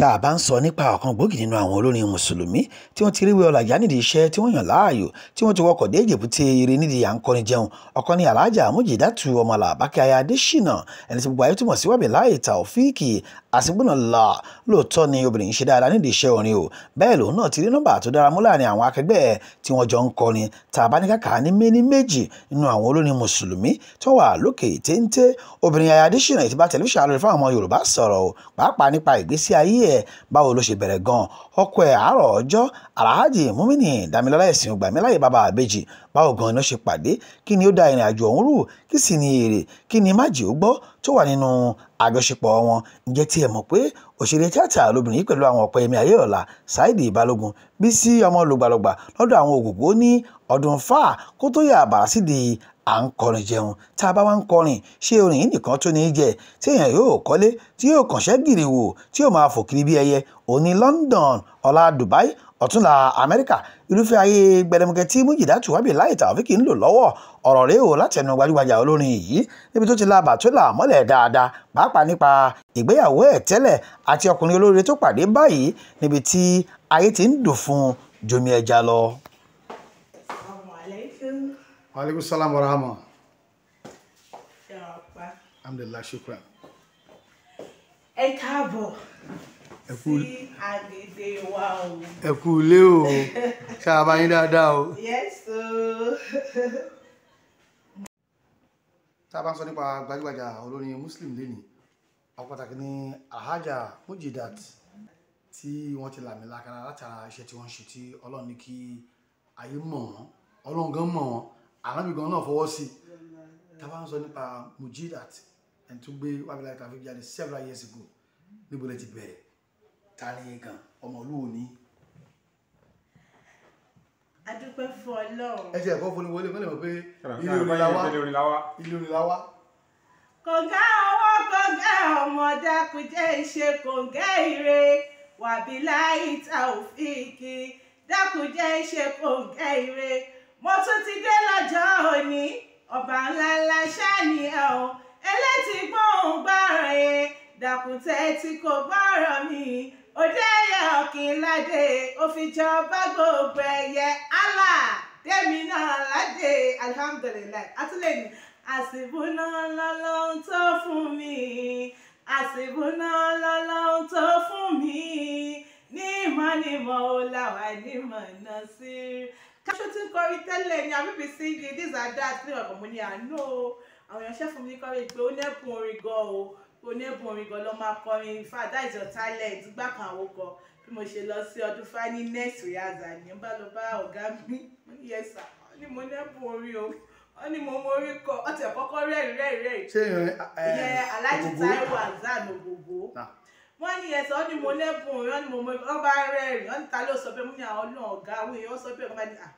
tá a bá ń sọ nípa ọ̀kan gbòógì nínú àwọn olórin mùsùlùmí tí wọ́n ti ríwé ọ̀làjà nídìí iṣẹ́ tí wọ́n yàn láàyò tí wọ́n ti wọkọ̀ dé Èjìbútẹ́ eré nídìí à ń kọrin jẹun ọ̀kan ni Alhaja Amujidatu ọmọlà Bákíáyà Adésínà ẹni tí gbogbo ayé túmọ̀ sí Wàbíláì Taofíìkì àsìgbónàlá lóòótọ́ ni obìnrin ṣe dáadáa nídìí iṣẹ́ orin o bẹ́ẹ̀ lòun náà ti rí nọ́mbà tó dára mú láàrin àwọn akẹgbẹ́ ẹ̀ tí wọ́n jọ ń kọrin tàbáníkàkà ní méní méjì nínú àwọn olórin mùsùlùmí tó wà lókè téńté obìnrin Yaya Adésínà ìtìbá tẹlifíṣàn àlọ́ fáwọn ọmọ Yorùbá sọ̀rọ̀ o pàápàá nípa ìgbésí ayé ẹ̀ báwo ló ṣe bẹ̀rẹ̀ gan ọkọ ẹ̀ àárọ̀ ọjọ́ Mumini Damilọ́lá ẹ̀sìn ògbàmíláyè bàbá àbèjì báwo gan iná ṣe pàdé kí ni ó da ìrìn àjò ọ̀hún rù kí sì ni èrè kí ni májì ó gbọ́ tó wà nínú àjọṣepọ̀ wọn ǹjẹ́ tí ẹ mọ̀ pé òṣèré tíátà lóbìnrin yìí pẹ̀lú àwọn ọ̀pọ̀ ẹ̀mí ayéọ̀la Saheed Balogun Bísí ọmọ lògbàlògbà lọ́dọ̀ àwọn ògògbó ní ọdún fáà kó tó yà bàrà sídìí à ń kọrin jẹun tá a bá wá ń kọrin ṣé orin yìí nìkan tó ní í jẹ tí èèyàn yóò kọ́lé tí yóò kànṣẹ́ gìrì wò tí yóò máa fò kiri bí ẹyẹ òní London ọ̀la Dubai ọ̀túnla amẹ́ríkà irúfẹ́ ayé gbẹdẹmukẹ tí mújìdá tùwábì láì tàwáfíkì ń lò lọ́wọ́ ọ̀rọ̀ rèé o láti ẹnu gbajúgbajà olórin yìí níbi tó ti la bàtúlà mọ́lẹ̀ dáadáa pàápàá nípa ìgbéyàwó ẹ̀ tẹ́lẹ̀ àti ọkùnrin olóore tó pàdé báyìí níbi tí ayé ti ń dùn fún jomi ẹja lọ. aleykum salaam wa rahma. alhamdulilayi shukran. ẹ káàbọ̀ sí agbègbè wa o. ẹ kú ilé o ṣàbá yín dáadáa o. yes o. tá a bá ń sọ nípa gbajúgbajà olórin muslim lénìí àwọn pàtàkì ni alhaja mujidat tí wọ́n ti làmì lákàrà látara iṣẹ́ tí wọ́n ń ṣe tí ọlọ́run ní kí ayé mọ̀ wọ́n ọlọ́run gan mọ̀ wọ́n àlábì gan náà fọwọ́ sí i tá a bá ń sọ nípa mujidat ẹni tó gbé wàbí láyé tàbí jáde several years ago níbo lẹ ti bẹ̀rẹ̀ tani gan ọmọlúwo ni. adúpẹ́ fún ọlọ́run. ẹ ti ẹ̀kọ́ fún ni wọlé mọ́lẹ̀ mọ́ pé ilé orin la wá ilé orin la wá. kòǹgá ọwọ́ kòǹgá ọmọ dákújẹ́ ìṣe kòǹgá ire wàbíláì tàòfíìkì dákújẹ́ ìṣe kòǹgá ire mo tún ti dé lọ́jọ́ òní ọba ńlá ńlá ṣáà ni ẹ o ẹlẹ́tìgbọ́n gbọ́rọ̀ ẹ dàkúntẹ́ tí kò gbọ́rọ̀ mi òdeyẹ ọ̀kìnládé òfìjọba gbogbo ẹ̀yẹ allah tèmi náà ládé alihamudulilayi atúlẹ̀mí àsìbúná lọ́lọ́hún tó fún mi àsìbúná lọ́lọ́hún tó fún mi ní ìmọ̀ ni mo làwà ní mọ̀ náà sí. káṣó tí ń kọrí tẹ́lẹ̀ ni àbíbi sí di dízà dáa tí ní ọ̀pọ̀ mo ní àánú àwọn èèyàn ṣẹ́ fún mi kọrin pé ó nẹ́kun orin gan o oníbùn orin gan ló máa kọrin in that is your talent gbà kan àwòkọ bí mo ṣe lọ sí ọdún fani next rehearsal ní bá lọ bá ọ̀gá mi yes sir ó ní mo nẹ́bùn orin o ó ah. ní mo mọ orin kọ ọtẹ kọ́kọ́ rẹ́rìn rẹ́rìn rẹ́rìn ṣé ìyẹn aláàjì Táíwò azan ògògó wọ́n ní ẹ̀sán ó ní mo nẹ́bùn orin ó ní mo mọ orin wọ́n bá rẹ́rìn ó ta ló sọ pé mo ní àwọn náà ọ̀gá àwọn èèyàn sọ pé ọ̀gá mi à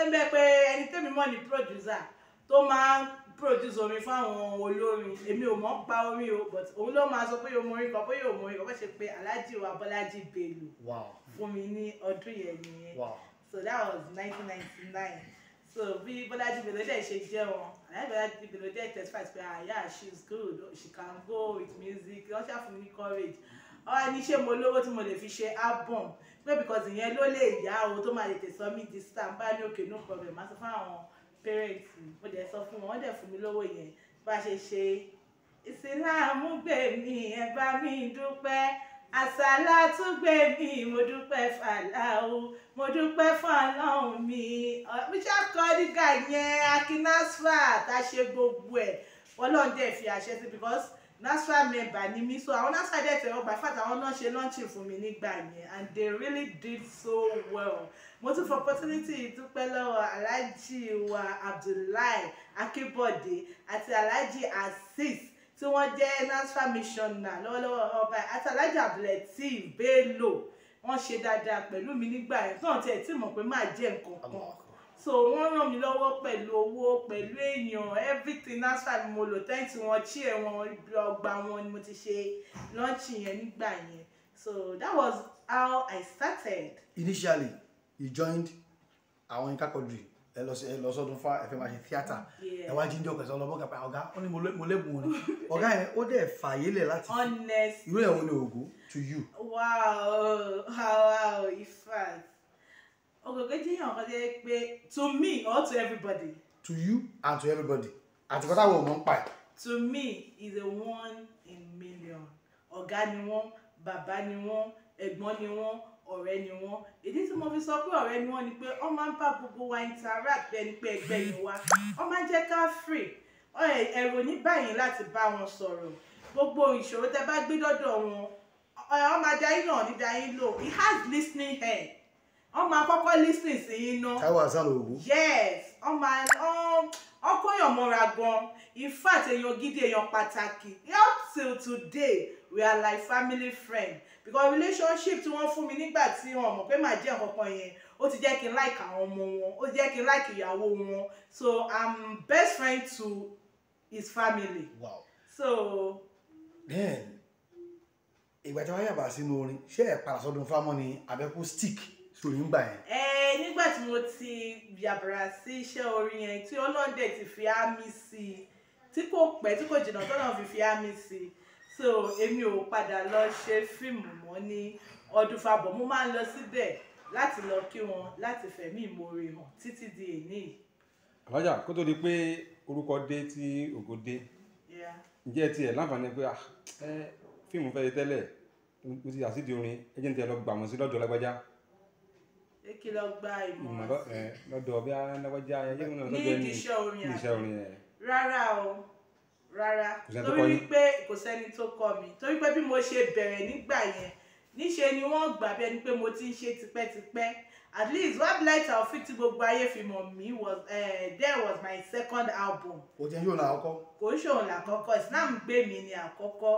ẹ̀ ń pé ẹni tẹ́mi mọ́ ni producer tó máa produce orin fáwọn olórin èmi ò mọ̀ pa orin o but òun ló máa sọ pé yóò mọ orin kan bóyá òun orin kan bó ṣe pé Alhaji wa Bọ́lájí Bello fún mi ní ọdún yẹn nìyẹn so that was nineteen ninety nine so bí Bọ́lájí Bello dẹ̀ ṣe jẹ́ wọn Alhaji Bọ́lájí Bello dẹ̀ testify pé ah yeah she is good she can go with music wọ́n ṣàfihàn ní courage ọ̀rọ̀ ni ṣé mo lówó tí mo lè fi ṣe album pé because ìyẹn ló lè yá o tó máa lè tẹ̀sán mi di star bá ní òkè no problem máa sọ fún àwọn parents mo dẹ̀ sọ fún wọn wọ́n dẹ̀ fún mi lówó yẹn bá a ṣe ṣe ìsìláàmù gbè mí ẹ bá mi dúpẹ́ àsálà tún gbé mi mo dúpẹ́ fàlàó mo dúpẹ́ fọlọ́run mi bíṣà kọ́dígà yẹn akinasfa tá a ṣe gbogbo ẹ̀ ọlọ́run dẹ̀ fi àṣẹ sí because nasfa member ni mí so àwọn nasfa dẹ̀ tẹ̀wọ́ gbà fàtàwọn náà ṣe lọ́ọ̀ṣì fún mi nígbà yẹn and they really did so well mo tún fọ opportunity dúpẹ́ lọ́wọ́ aláàjì wa abdullahi akébọ̀dé àti aláàjì azeez tí wọ́n jẹ́ nasfar missioner lọ́wọ́lọ́wọ́ ọba àti aláàjì abdulateef bello wọ́n ṣe dáadáa pẹ̀lú mi nígbà yẹn náà tẹ̀ tí mọ̀ pé máa jẹ́ nǹkan kan so wọ́n ràn mí lọ́wọ́ pẹ̀lú owó pẹ̀lú èèyàn everything nasfar ni mo lò tẹ́ǹtì wọn chí ẹ̀ wọn ọgbà wọn ni mo ti ṣe lọ́ọ̀chì yẹn nígbà yẹn so that was how I started. initially he joined àwọn yín kákọ̀dùrì ẹ lọ sí ẹ lọ sọdún fún ẹ fẹ́ máa ṣe tíátà ẹ wá jíjọ kẹsàn án lọ bọ́kà pa ọ̀gá ó ní mo lẹ́bùn òní ọ̀gá yẹn ó dẹ̀ fààyè lẹ̀ láti irú ẹ̀ ni ògo to you. wow wow ifa ogogo jẹ́ yàn kan jẹ́ pé to me or to everybody. to you and to everybody àti kọ́tà wo mọ̀ ń pa ẹ̀. to me is a one in million ọ̀gá ni wọ́n bàbá ni wọ́n ẹ̀gbọ́n ni wọ́n ọ̀rẹ́ ni wọ́n ìdí tí mo fi sọ pé ọ̀rẹ́ ni wọ́n ni pé wọ́n máa ń bá gbogbo wa interact bẹ́ẹ̀ ni pé ẹgbẹ́ ni wa wọ́n máa ń jẹ́ ká free ẹ̀rọ ní báyìí láti bá wọn sọ̀rọ̀ gbogbo ìṣòro tẹ́ bá gbé dọ́dọ̀ wọn wọ́n máa dá yín náà ní dá yín lò he has listening ear wọ́n máa kọ́kọ́ listening sí yín náà. táwọn àṣàlò ògùn. yes wọ́n máa wọ́n kóyàn mọ́ra gan in fact èèyàn gidi èèyàn pàtàkì up till today we are like family friends because relationship tí wọ́n fún mi nígbà tí wọ́n mọ̀ pé màá jẹ́ ọ̀kọ̀ọ̀kan yẹn ó ti jẹ́ kí like àwọn ọmọ wọn ó ti jẹ́ kí n like ìyàwó wọn so I'm best friend to his family. Wow. so. then ìgbà tí wọ́n yàgbà sínú orin ṣé ẹ̀ padà sọ́dún fámọ́ ni àbẹ́kú stick sórí ń gbà yẹn. ẹ nígbà tí mo ti yàbàrà sí iṣẹ́ orin yẹn tí ọlọ́dẹ ti fi á mi sí i tí kò pẹ́ tí kò jìnnà tọ́nà fi fi á mi sí i so èmi ò padà lọ ṣe fíìmù mọ́ ní ọdún fàbọ̀ mo máa ń lọ síbẹ̀ láti lọ kí wọn láti fẹ̀mí ìmoore hàn títí di èní yìí. àbájá kó tó di pé orúkọ dé tí ògo dé ǹjẹ́ tiẹ̀ láǹfààní pé ah, fíìmù fẹ́ tẹ́lẹ̀ mo ti àṣìdí orin ẹ jẹ́ ní tiẹ̀ lọ gbàmọ̀ sí lọ́dọ̀ lágbájá kí lọ gba ìmọ̀ lọ́dọ̀ bí alágbájá ayé múná lọ́dọ̀ ní iṣẹ́ orin rárá o rárá torí wípé kò sẹ́ni tó kọ́ mi torí pé bí mo ṣe bẹ̀rẹ̀ nígbà yẹn níṣe ni wọ́n gbà bẹ́ẹ̀ ni pé mo ti ń ṣe tipẹ́tipẹ́ at least one blight of fit gbogbo ayé fi mọ̀ mí was uh, there was my second album. kò jẹ́ yóò la àkọ́kọ́. kò ń ṣòun la àkọ́kọ́ islam gbé mi ni àkọ́kọ́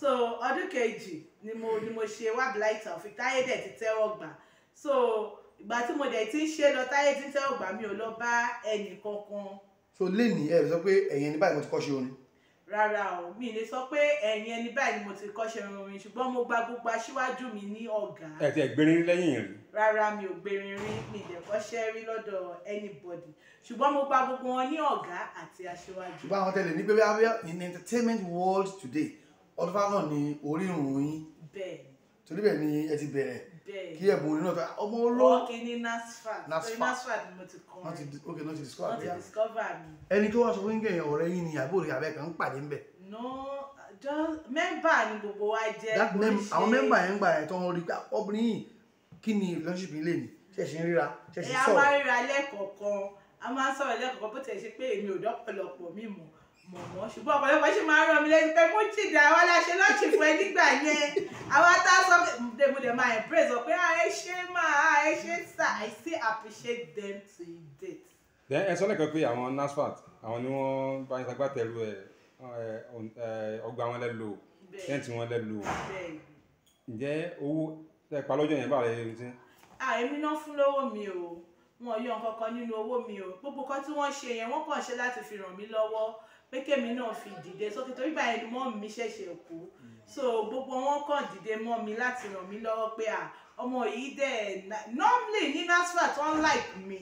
so ọdún kejì ni mo ni mo ṣe one blight of fit táyé dẹ̀ ti tẹ́wọ́ gbà so ìgbà tí mo dẹ̀ ti ń ṣe lọ táyé ti ń tẹ́wọ́ gbà mi ò lọ bá ẹnì kankan. so lẹ́nìí ẹ sọ pé ẹ̀yin ní báyìí mo ti kọ́ ṣe orin rárá o mi lè sọ pé ẹ̀yìn ẹni báyìí ni mo ti kọ́ṣẹ́ orin ṣùgbọ́n mo gba gbogbo aṣíwájú mi ní ọ̀gá. ẹ ti ẹ gbérin lẹ́yìn rí. rárá mi ò gbérin rí mi lè kọ́ṣẹ́ rí lọ́dọ̀ anybody ṣùgbọ́n mo gba gbogbo wọn ní ọ̀gá àti aṣíwájú. ṣùgbọ́n àwọn tẹ̀lé ní pẹ́pẹ́ abẹ́ in entertainment world today ọdún fáwọn ní orírun yín. bẹ́ẹ̀ torí bẹ́ẹ̀ ni ẹ ti bẹ̀rẹ̀ kí ẹ̀bùn orin náà fẹ́ ọmọ olówó. ọkì ní nasfa torí nasfa ni mo ti kọ rẹ ok náà ti discover mi. ẹni tó wá sọ fún yín ọ̀rẹ́ yín ni àbúrò yàrá ẹ̀ kan ń pàdé ń bẹ̀. no just member ni gbogbo wa jẹ́ oríṣi. àwọn member yẹn ń gbà ẹ̀ tó ń rí ah, obìnrin yìí kí ni relationship yìí lè ní ṣẹ̀ṣẹ̀ ń ríra ṣẹ̀ṣẹ̀ sọ̀rọ̀. ẹ a máa ríra lẹ́ẹ̀kọ̀ọ̀kan a máa sọ̀rọ̀ lẹ́ẹ̀kọ̀ọ̀kan bó tẹ̀ ṣe pé èmi ò dọ́pọ̀lọpọ̀ mímọ́ mọ̀ wọ́n ṣùgbọ́n ọ̀pọ̀lọpọ̀ ṣe máa ń rán mi lẹ́yìn pé mo jìdá àwa láṣẹ lọ́ọ̀ṣì fún ẹ nígbà yẹn àwa tá a sọ pé mo dẹ̀ máa embrace ọ pé ẹ ṣe máa ẹ ṣe sà I still appreciate them to a date. ẹ sọ lẹ́kọ̀ọ́ pé àwọn NASFAT àwọn ni wọ́n bá ń ṣagbátẹ̀lú ẹ̀ ọgbà wọn lẹ́lò tẹ́ǹtì wọn lẹ́lò ǹjẹ́ owó tẹ pa lọ́jọ́ yẹn báwo lẹ́yìn tí. èmi náà fún lówó mi o wọn yọ nǹkan kan nínú owó mi o gbogbo kan tí wọ́n ṣe yẹn wọ́n kàn ṣe láti fi ràn mí lọ́wọ́ pé kémi náà fi dìde so ti torí báyìí mọ́ mi ṣẹ̀ṣẹ̀ kú mm. so gbogbo wọn kàn dìde mọ́ mi láti ràn mí lọ́wọ́ pé à ọmọ yìí dẹ̀ normally ní NASFAT unlike me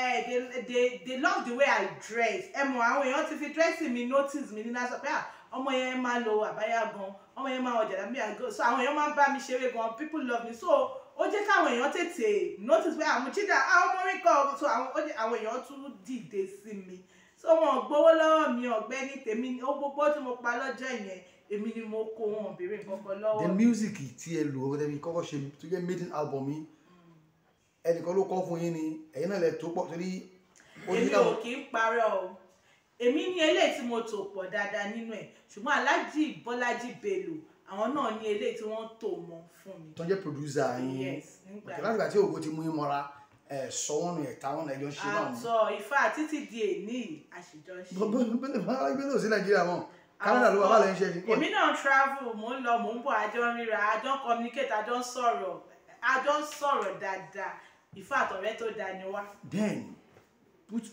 eh, they, they, they love the way I dress ẹ mọ̀ àwọn èèyàn ti fi dressing mi notice mi ní NASFAT pé à ọmọ yẹn máa lo àbáyá gan ọmọ yẹn máa wọ jàlámì àgọ so àwọn èèyàn máa ń bá mi ṣeré gan people love me so ó jẹ́ káwọn èèyàn tètè notice pé àwọn chidà àwọn ọmọ mi kọ́ so àwọn èèyàn tún dìde sí mi so wọn gbowó lọ́wọ́ mi ọ̀gbẹ́ni tèmi ó gbogbo tí mo pa lọ́jọ́ yẹn èmi ni mo kó wọn béèrè kankan lọ́wọ́. the music tí ẹ lò ọ̀rẹ́ mi kọ́kọ́ ṣe tó jẹ́ maiden album mi ẹnìkan ló kọ́ fún yín ni ẹ̀yin náà lè tó pọ̀ torí. èmi ò kì í parọ́ o èmi ní eléyìí tí mo tò pọ̀ dáadáa nínú ẹ̀ ṣùgbọ́n aláàjì bọ́lájì bello àwọn náà ní eléyìí tí wọ́n tò mọ́ fún mi. tó producer yín yes nígbà tí ògo ti mú yín mọ́ra ẹ̀sọ́ wọn nù ẹ̀ta wọn ẹ̀jọ́ ṣe náà. àtọ ìfà títí di èní àṣìjọ ṣe. gbogbo gbogbo sí nàìjíríà wọn canada ló wà wà lẹ́yìn iṣẹ́. èmi travel mò ń lọ mò ń bọ̀ àjọ ríra àjọ communicate àjọ sọ̀rọ̀ àjọ sọ̀rọ̀ dáadáa ìfà àtọ̀rẹ́ tó dáa ni wá. then put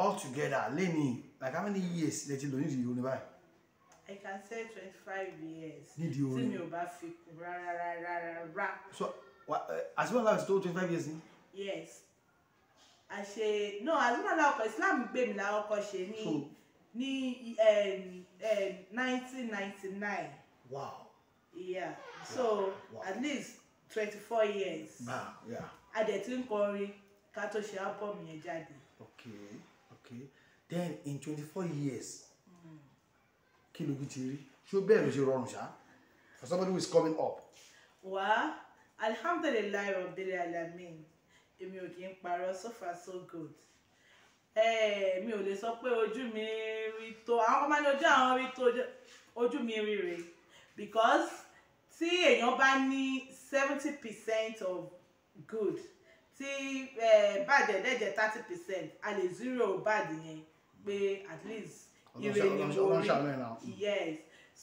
all together lẹ́ni like how many years lẹ ti lò nídìí orin báyìí. I can say twenty-five years. Nídìí orin. Tí mi ò bá fi kú rárá rárá rárá. So, eh, as well as twenty-five years ni yes I àṣe no àdúrà làwọn islam gbé mi làwọn kan ṣe ní ní nineteen ninety nine wow yeah so wow. at least twenty four years ah, yeah. adẹ̀tí ń kọrin ká tó ṣe album yẹn jáde. okay okay then in twenty four years hmm. kí ló ti rí ṣé ó bẹ́ẹ̀ ló ṣe rọrùn ṣá for somebody who is coming up. wàá alhamdulilayi rabbil alamin èmi ò kì í parọ́ so far so good mi ò lè sọ pé ojú mi rí tó àwọn ọmọ ní ojú àwọn rí tó ojú mi rí rè because tí èèyàn bá ní seventy percent of good tí bàjẹ́ dẹ̀jẹ̀ thirty percent a lè zero bad yẹn pé at least ire ni mo rí yes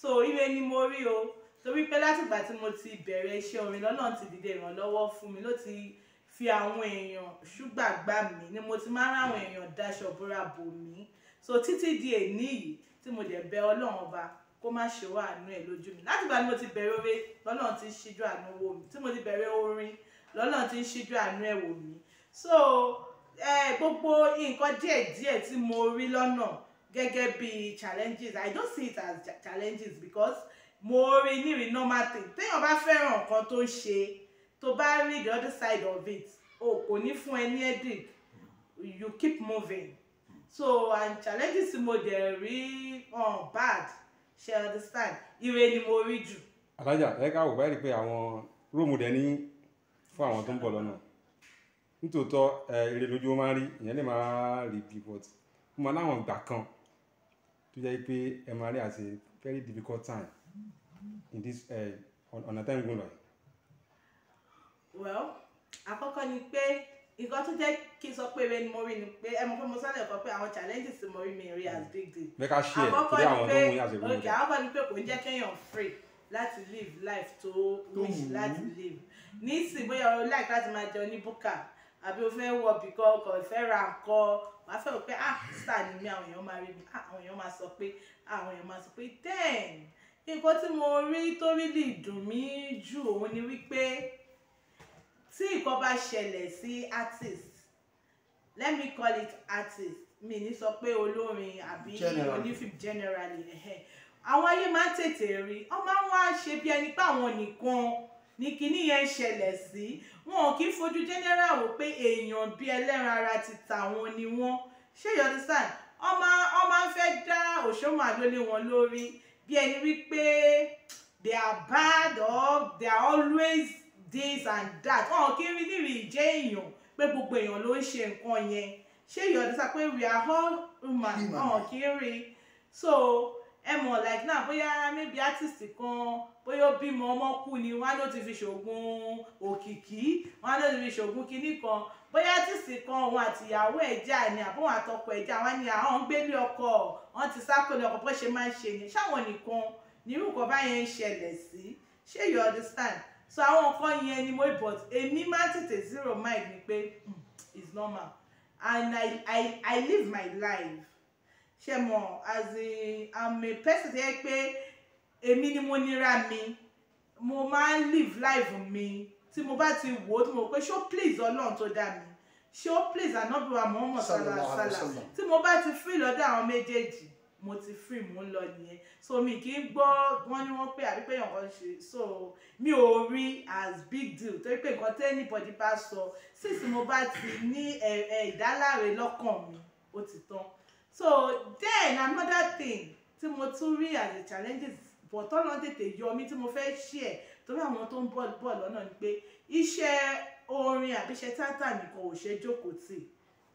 so ire ni mo rí o torí pé látìgbà tí mo ti bẹ̀rẹ̀ iṣẹ́ orin lọ́nà ti dìde ìrànlọ́wọ́ fún mi ló ti. Lo fi àwọn èèyàn ṣúgbà gbà ni mo ti máa ń ráwọn èèyàn daṣọ bóra bò mí so títí di èní yìí tí mo dẹ̀ bẹ ọlọ́run ọba kó má ṣe wá àánú ẹ̀ lójú mi látìgbà ni mo ti bẹ̀rẹ̀ oore lọ́lọ́run ti ń ṣíjú àánú wò mí tí mo ti bẹ̀rẹ̀ orin lọ́lọ́run ti ń ṣíjú àánú ẹ̀ wò mí so gbogbo nǹkan díẹ̀díẹ̀ tí mo rí lọ́nà gẹ́gẹ́ bí challenges i don't see it as challenges because mo rí nírìí normal thing téèyàn bá fẹ́ràn nǹkan tó ń ṣe To bá rí the other side of it o kò ní fún ẹ ní headache you keep moving so and challenges mo dẹ̀ rí um, bad She understand ire ni mo rí jù. alájà ẹ ká wò báyìí pé àwọn róòmù dẹ ní fún àwọn tó ń bọ̀ lọ́nà nítòótọ́ èrè lójú ó máa ń rí ìyẹn lè máa rí pivot mo máa láwọn ìgbà kan tó jẹ́ pé ẹ máa rí as a very difficult time in this on on a time going. yìí well àkọ́kọ́ ni pé nǹkan tó jẹ́ kí n sọ pé rẹ ni mo rí ni pé ẹ mọ̀ pé mo sálẹ̀ kọ pé àwọn challenges tí mo rí mi rí as big deal. bẹ́ẹ̀ ká ṣe ẹ̀ torí àwọn tó ń wí ìwé ìjọba. àkọ́kọ́ ni pé kò ń jẹ́ kéèyàn free láti live life tó wish láti live ní ìsìn bóyá o like láti máa jẹun ní búkà àbí o fẹ́ wọ bìkọ́ ọkọ̀ ìfẹ́ ra nǹkan wàá fẹ́ wò pé ah star ni mí àwọn èèyàn máa rí mi ah àwọn èèyàn máa sọ pé ah àwọn èèyàn máa sọ pé ten nǹkan tí mo rí tó rí lè dùn mí jù òun ni wípé tí nǹkan bá ṣẹlẹ̀ sí artist let me call it artist mi ní sọ pé olórin àbí onífìm generally àwọn ayé máa ń tètè rí wọ́n máa ń wá ṣe bí ẹni pé àwọn nìkan ni kinní yẹn ń ṣẹlẹ̀ sí wọn ò kí ń fojú general wò pé èèyàn bí ẹlẹ́ran ara ti tà wọn ni wọ́n ṣé you understand ọmọ ọmọ ń fẹ́ dá òṣòwò àdólé wọn lórí bí ẹni wípé they are bad or they are always this and that ọ̀hún kí n rí nírì ìjẹ́ èèyàn pé gbogbo èèyàn ló ń ṣe nǹkan yẹn ṣé ìyọ̀dọ̀ sá pé we are all human ọ̀hún kí n rí so ẹ mọ̀ like now bóyá maybe artist kan bóyá ó bímọ ọmọ kú ni wọn á ló ti fi ṣògùn òkìkí wọn á ló ti fi ṣògùn kinní kan bóyá artist kan òun àtìyàwó ẹ̀ jà ni àbọ̀wọ̀n àtọkọ ẹ̀ jà wọn ni àwọn ń gbélé ọkọ wọn ti sápẹ́lẹ̀ ọkọ bó ṣe máa ń ṣe ni ṣáwọn nìkan nírú nǹkan báyẹn ń ṣẹlẹ̀ sí ṣé you understand so àwọn nǹkan yẹn ni mo but èmi máa tètè zero mind ni pé hmm, it's normal and i i i live my life ṣe mọ as in i'm a person tó yẹ pé èmi ni mo nira mi mo máa live life mi tí mo bá ti wò ó tí mo pé ṣó please ọlọ́run tó dá mi ṣó please ànábìwá mọ́mọ́ sálàsálà tí mo bá ti feel lọ́dọ̀ àwọn méjèèjì mo ti free mo ń lọ nìyẹn so mi kì í gbọ́ wọ́n ní wọ́n pé àbí pé èèyàn ṣe so mi ò rí as big deal torí pé nǹkan anybody, bá sọ sísì mo bá ti ní ìdáláre lọ́kàn mi ó ti tán so then another thing tí mo tún rí as a challenges but tọ́nà tètè yọ mí tí mo fẹ́ share torí àwọn tó ń bọ̀ bọ̀ lọ́nà ni pé iṣẹ́ orin àbíṣẹ́ tátà nìkan ò ṣe jókòó tì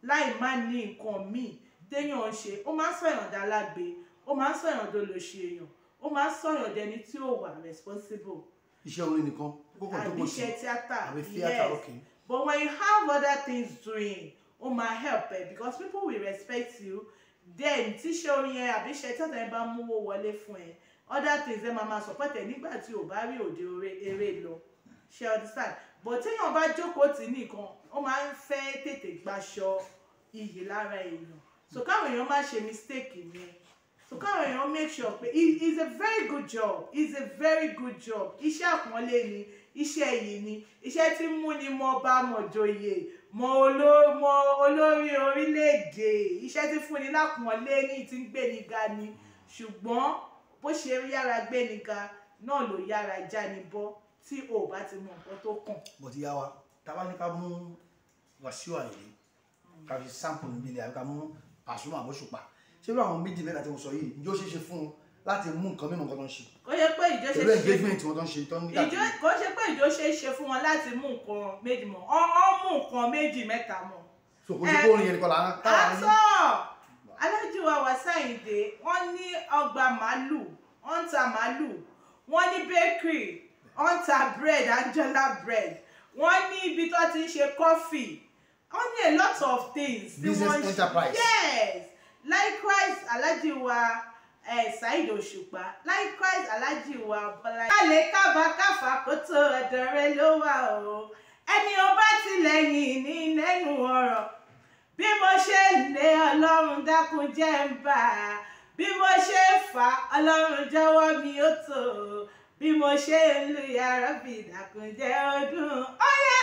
láì má ní nǹkan míì téèyàn ń ṣe ó máa ń sọ̀yàn dálágbe ó máa ń sọ̀yàn dolóṣì èèyàn ó máa ń sọ̀yàn dẹni tí ó wà responsible. iṣẹ́ orin nìkan gbogbo tó mọ̀ sí àbí tíátà yes but when you have other things doing ó máa help ẹ because people will respect you then tíṣẹ́ orin yẹn àbí iṣẹ́ tíátà yẹn bá mówó wọlé fún ẹ other things ẹ máa máa support ẹ nígbà tí ò bá rí òde eré lọ ṣe understand but téèyàn bá jókòó tì nìkan ó máa ń fẹ́ tètè gbaṣọ iyì lára èèyàn so káwọn èèyàn má ṣe mistake yẹn so káwọn èèyàn make sure pé is a very good job is a very good job iṣẹ́ àpọ́nlé ni iṣẹ́ yìí ni iṣẹ́ tí mú ni mo bá mọ̀ joyè mọ olórí orílẹ̀-èdè iṣẹ́ tí fún ni lápọ́nlé ní ti ń gbéni ga ni ṣùgbọ́n bó ṣe yára gbéni ga náà ló yára já ni bọ́ tí o bá ti mọ nǹkan tó kàn. bó ti yá wa tá a bá ní ká mú Wàsíù Àyìndé ká fi sample níbi àbí ká mú Pasuma àbóṣùpá ṣé bí àwọn méjì mẹ́ta tí mo sọ yìí ǹjẹ́ ó ṣe fún un láti mú nǹkan mímu nǹkan tó ń ṣe. kò ṣe pé ìjọ ṣe ṣe pẹ̀lú engagement wọn tó ń ṣe tó ń dàgbà. kò ṣe pé ìjọ ṣe ṣe fún wọn láti mú nǹkan méjì mọ́ ọ mú nǹkan méjì mẹ́ta mọ́. so kò ṣe kó orin yẹn nìkan là ń tà á ní. alájùwà wàsáìdè wọ́n ní ọgbà màálù wọ́n ń ta màálù wọ́n ní bakery wọ́n ń ta bread Anjola bread wọ́n ní ibi tó ti ń ṣe coffee Only a lot of things. business enterprise. yes likewise alhaji wa ẹ eh, Saheed Òṣùpá likewise alhaji wa bọlá. kálẹ̀ kábàkáfà kó tó ọ̀dọ̀ rẹ ló wà o ẹni o bá tilẹ̀ ní lẹ́nu ọ̀rọ̀ bí mo ṣe lé ọlọ́run dákun jẹ́ ń bà á bí mo ṣe fà á ọlọ́run jọ̀wọ́ mi ó tó bí mo ṣe ń lu yàrá bìdàkùn jẹ́ ọdún ọ̀yẹ́.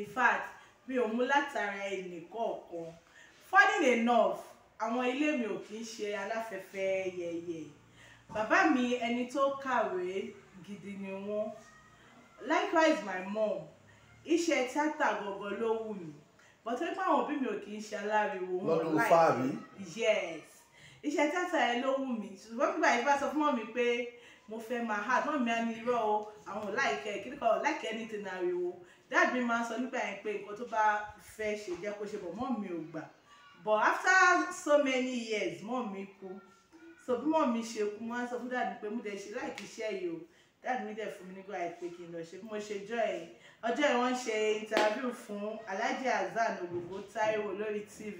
in fact mi ò mú látara ẹnì kọ̀ọ̀kan funny enough àwọn ilé mi ò kì í ṣe aláfẹ́fẹ́ yẹyẹ bàbá mi ẹni tó kàwé gidi ni wọ́n likewise my mom iṣẹ́ tíátà gọ̀gọ̀ ló wù mí but torí pé àwọn òbí mi ò kì í ṣe aláriwo wọn lọ́dún fáàrí yes iṣẹ́ tíátà yẹn ló wù mí ṣùgbọ́n nígbà yìí bá sọ fún mọ́ mi pé mo fẹ́ máa hard mọ́ mi á ní irọ́ o àwọn ò láìkẹ́ kíníkan ò láìkẹ́ anything ariwo dáàbí máa sọ nígbà yẹn pé nǹkan tó bá fẹ́ ṣe jẹ́ kó ṣe bọ̀ mọ́ mi ò gbà but after so many years mọ́ mi kú so bí mọ́ mi ṣe kú wọ́n á sọ fún dáàbí pé mo dẹ̀ ṣe láìkí iṣẹ́ yìí o dáàbí mi dẹ̀ fún mi nígbà yẹn pé kí n lọ ṣe bí mo ṣe jọ ẹ̀ ọjọ́ yẹn wọ́n ṣe interview fún Alhaji Hasan Ogogo Taiwo lórí TV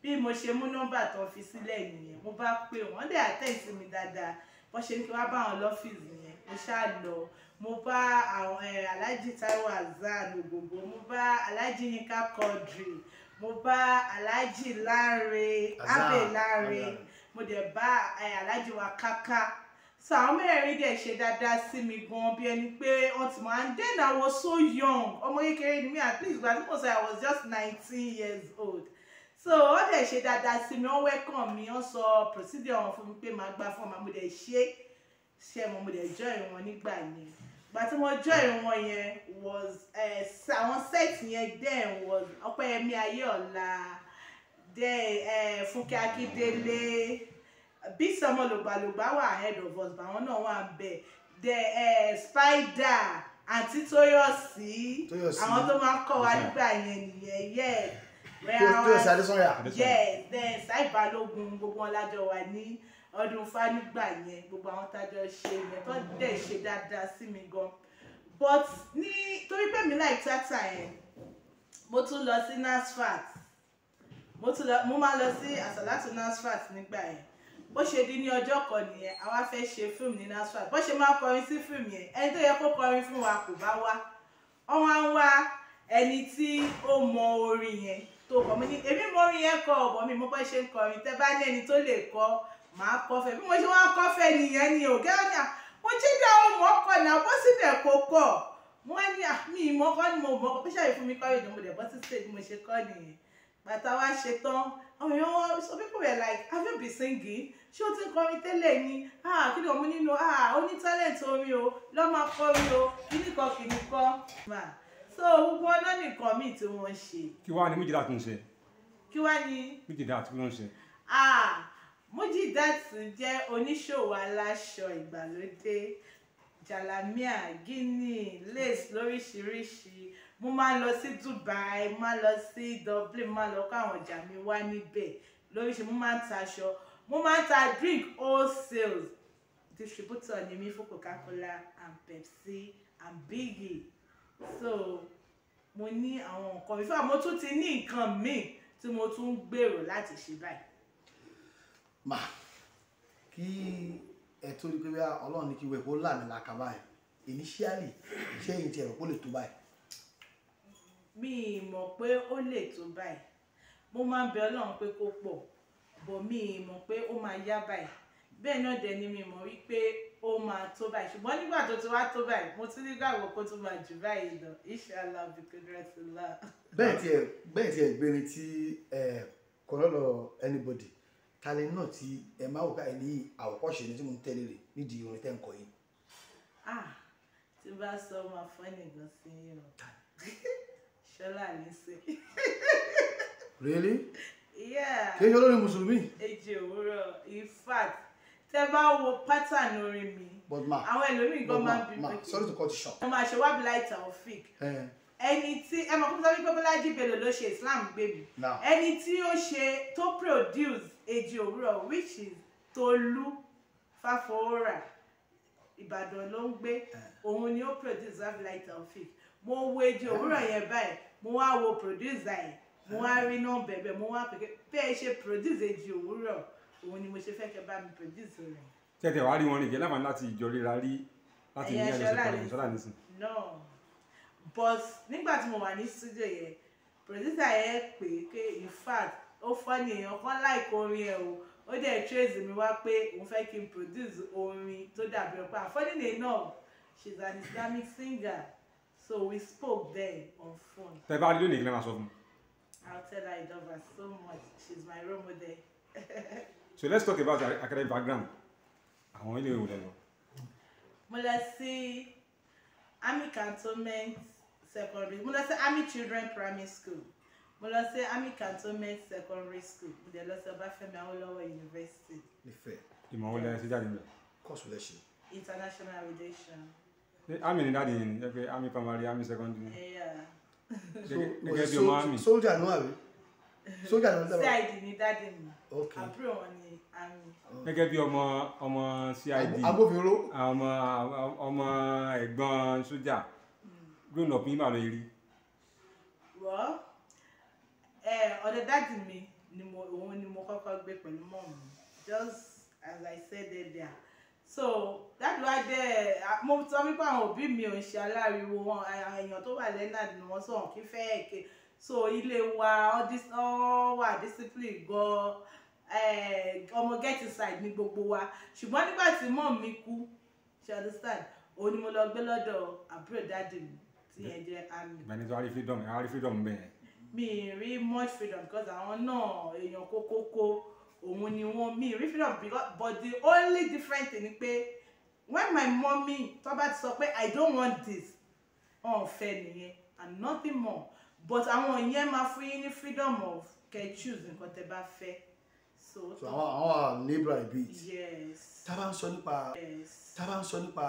bí mo ṣe mú nọ́mbà tó fi sílẹ̀ nìyẹn mo bá pè wọ́n dẹ̀ àtẹ̀sí mi dáadáa bọ́n ṣe ní kí wọ́n bá wọn lọ́fíìsì yẹn mo ṣáà lọ mo bá àwọn eh, aláàjì Táíwò Hasan Ògòǹgò mo bá aláàjì Yínká Quadri mo bá aláàjì Láre Abbey Láre mo dẹ̀ bá eh, aláàjì wa Kaka so àwọn mẹ́rẹ̀ẹ̀rin dẹ̀ ṣe dáadáa sí mi gan bí ẹni pé wọ́n ti máa ń then I was so young ọmọ kékeré ni mi at least gba I mo say I was just nineteen years old so wọ́n dẹ̀ ṣe dáadáa sí mi wọ́n welcome mi wọ́n sọ procedure wọn fún mi pé màá gbà fún ọmọ mo dẹ̀ ṣe ṣe mo mo dẹ̀ join wọn nígbà yẹn gbà tí mo join wọn yẹn was eh, àwọn set yẹn then was ọpẹ́yẹmí ayéọlá then eh, fúnkẹ́ akíndélé bísí ọmọ lògbàlògbà wà ahead of us báwọn náà wà bẹ the eh, spider àti tóyọ̀sí àwọn tó máa ń kọ́ wa nígbà yẹn nìyẹn yes tóyọ̀sí adésọyà Yeah. then ṣáì balógun gbogbo wọn lájọ wà ní ọdún fanigba yẹn gbogbo àwọn tájọ ṣe yẹn tó dẹ̀ ṣe dáadáa sí mi gan but ní torí pé mi láì tata yẹn mo tún lọ sí NASFAT mo tún lọ mo máa lọ sí àsàlátù NASFAT nígbà yẹn bó ṣe di ní ọjọ́ kan nìyẹn àwa fẹ́ ṣe fíìmù ní NASFAT bó ṣe máa kọrin sí fíìmù yẹn ẹni tó yẹ kó kọrin fún wa kò bá wá ọmọ à ń wá ẹni tí ó mọ orin yẹn tó kọ mí ní èmi mọ orin yẹn kọ ọ̀bọ̀ mi mo fẹ́ ṣe ń kọrin tẹ́ bá ní ẹni tó lè kọ máa kọfẹ bí mo ṣe wá kọfẹ nìyẹn ni ò gẹ́gẹ́ ni mo jí dá ọmọ ọkọ náà bó síbẹ̀ kó kọ̀ wọ́n ní mi ìmọ̀ kọ́ ni mo mọ̀ bí ṣàyẹ̀fún mi kọ́rin ni mo dẹ̀ bọ́ sí stage mo ṣe kọ́ nìyẹn bàtà wá ṣe tán àwọn èèyàn wọn so people were like have you been singing ṣé o ti ń kọrin tẹ́lẹ̀ ni ah kí ni ọmọ nínú ah ó ní talent orin o lọ́ máa kọrin o kíní kan kìíní kan so gbogbo ọ̀nà nìkan míì tí wọ́n ṣe. kí wàá ní méjìlá tó ń ṣe. kí wàá ní. méjìlá tó ń ṣe. ah Mujidat jẹ́ oníṣòwò aláṣọ ìgbàlódé jàlámíà guinea lace lóríṣiríṣi mo máa ń lọ sí Dubai mo máa ń lọ sí Dublin mo máa ń lọ kó àwọn ọjà mi wá níbẹ̀ lóríṣi mo máa ń taṣọ mo máa ń ta drink wholesale distributor ni mi fún Coca-Cola and Pepsi and Biggie so mo ní àwọn nǹkan mi fún mo tún ti ní nǹkan míì tí mo tún ń gbèrò láti ṣe báyìí. Ma, kí ẹ tó rí pé bí ọlọ́run ní kí wẹ̀ kó là mí làkà báyìí initially ṣé èyí ti ẹ̀rọ kó lè tó báyìí. mi ì mọ̀ pé ó lè tó báyìí mo máa ń bẹ ọlọ́run pé kó pọ̀ bọ̀ mi ì mọ̀ pé ó máa yá báyìí bẹ́ẹ̀ náà dẹ̀ ni mi mọ̀ wípé ó máa tó báyìí ṣùgbọ́n nígbà tó ti wá tó báyìí mo tún nígbàgbọ́ kó tó máa jù báyìí lọ inshallah bi kudratullah. bẹ́ẹ̀ tiẹ̀ bẹ́ẹ̀ tiẹ̀ gbére tí eh, kò lọ́lọ́ anybody tálẹ̀ náà tí ẹ máa wò káyìí ní àwòkọ́ṣe ni tí mo ń tẹ́lẹ̀ rẹ̀ nídìí orin tẹ́ ń kọ yìí. ah tí bá sọ máa fọ́ nìkan sí i o ṣọlá ní sè. really. yeah. kì í ṣe olórin mùsùlùmí. èjì òwúrọ̀ in fact tẹ bá wo pattern orin mi àwọn ẹlòmíì gan máa ń bí mi. sorry to cut you short. mo máa ṣe wábi láì Taofeek ẹni tí ẹ mọ̀ kó sọ wípé Bọ́lájí Bello ló ṣe Islam gbé mi ẹni tí ó ṣe tó produce èjì òwúrọ̀ which is Tolu, Fáforà Ìbàdàn ló ń gbé òun ni ó produce Wafilai Taofeek mo wo èjì òwúrọ̀ yẹn báyìí mo wá wo producer yẹn mo wá rí náà bẹ̀bẹ̀ mo wá pèké bẹ́ẹ̀ ṣe produce èjì òwúrọ̀ òun ni mo ṣe fẹ́ kẹ́ bá mi produce rẹ̀. tẹ́tẹ̀ wá rí wọn nìyẹn láwọn láti ìjọ ríra rí láti ní ẹ̀ṣẹ̀ pàdé ìṣọ́lá nísìn. no but nígbà tí mo wà ní studio yẹn producer yẹn pè é pé in fact ó fọ́ ni èèyàn kan láìkó orin ẹ̀ o ó dẹ̀ trace mi wá pé òun fẹ́ kí n produce orin tó dàbí ọ̀pá funny enough she is an Islamic singer so we spoke then on phone. tẹ bá lónìí ìgbìlẹ̀ máa sọ fún mi. I'll tell her I love her so much she is my role model. so let's talk about her academic background àwọn ilé ìwé lẹ́nu. mo lọ sí Army Cantonment Secondary mo lọ sí Army Children Primary School mo lọ sí army cantonment secondary school mo dẹ̀ lọ sí ọbáfẹ́mi awólọ́wọ̀ university. Ifẹ̀ ìmọ̀ wo lẹ́yìn sí jáde níbẹ̀. course wo lẹ ṣe. international relation. army ni dáàdi yẹn ni jẹ́ pé primary army secondary. Eh, gẹ́gẹ́ bí ọmọ army. soldier ló wà soldier ló ń dábàá. cid ni dáàdi mi àbúrò wọn ni army. gẹ́gẹ́ bí ọmọ ọmọ cid agbófinró ah, ọmọ ọmọ ẹ̀gbọ́n soldier hmm. grown up yín bá lọ yìí rí. wọ́n ọ̀dọ̀ dáàdì mi ni mo òun ni mo kọ́kọ́ gbé pẹ̀lú mọ́ mi just as I said there. so dáàdì wa dẹ mo sọ wípé àwọn òbí mi ò ń ṣe aláriwo wọn èèyàn tó wà lẹ́nàdì ni wọ́n sọ̀rọ̀ kí fẹ́ èké so ilé wa all wà discipline gan ọmọ get inside ní gbogbo wa ṣùgbọ́n nígbà tí mọ́ mi kú she understand òun ni mo lọ gbé lọ́dọ̀ àbúrò dáàdì mi tí yẹn jẹ́ àmì. bẹ́ẹ̀ni tó a rí freedom a freedom bẹ́ẹ̀ mi rí much freedom because àwọn náà èèyàn kókókó òun ni wọn mi rí freedom because but the only different thing ni pé when my mommy tó bá ti sọ pé i don't want this wọn ò fẹ́ nìyẹn and nothing more but àwọn yẹn máa fún yín ní freedom of can choose nǹkan tẹ́ bá fẹ́ so àwọn àwọn labour beat. yes tá a bá ń sọ nípa tá a bá ń sọ nípa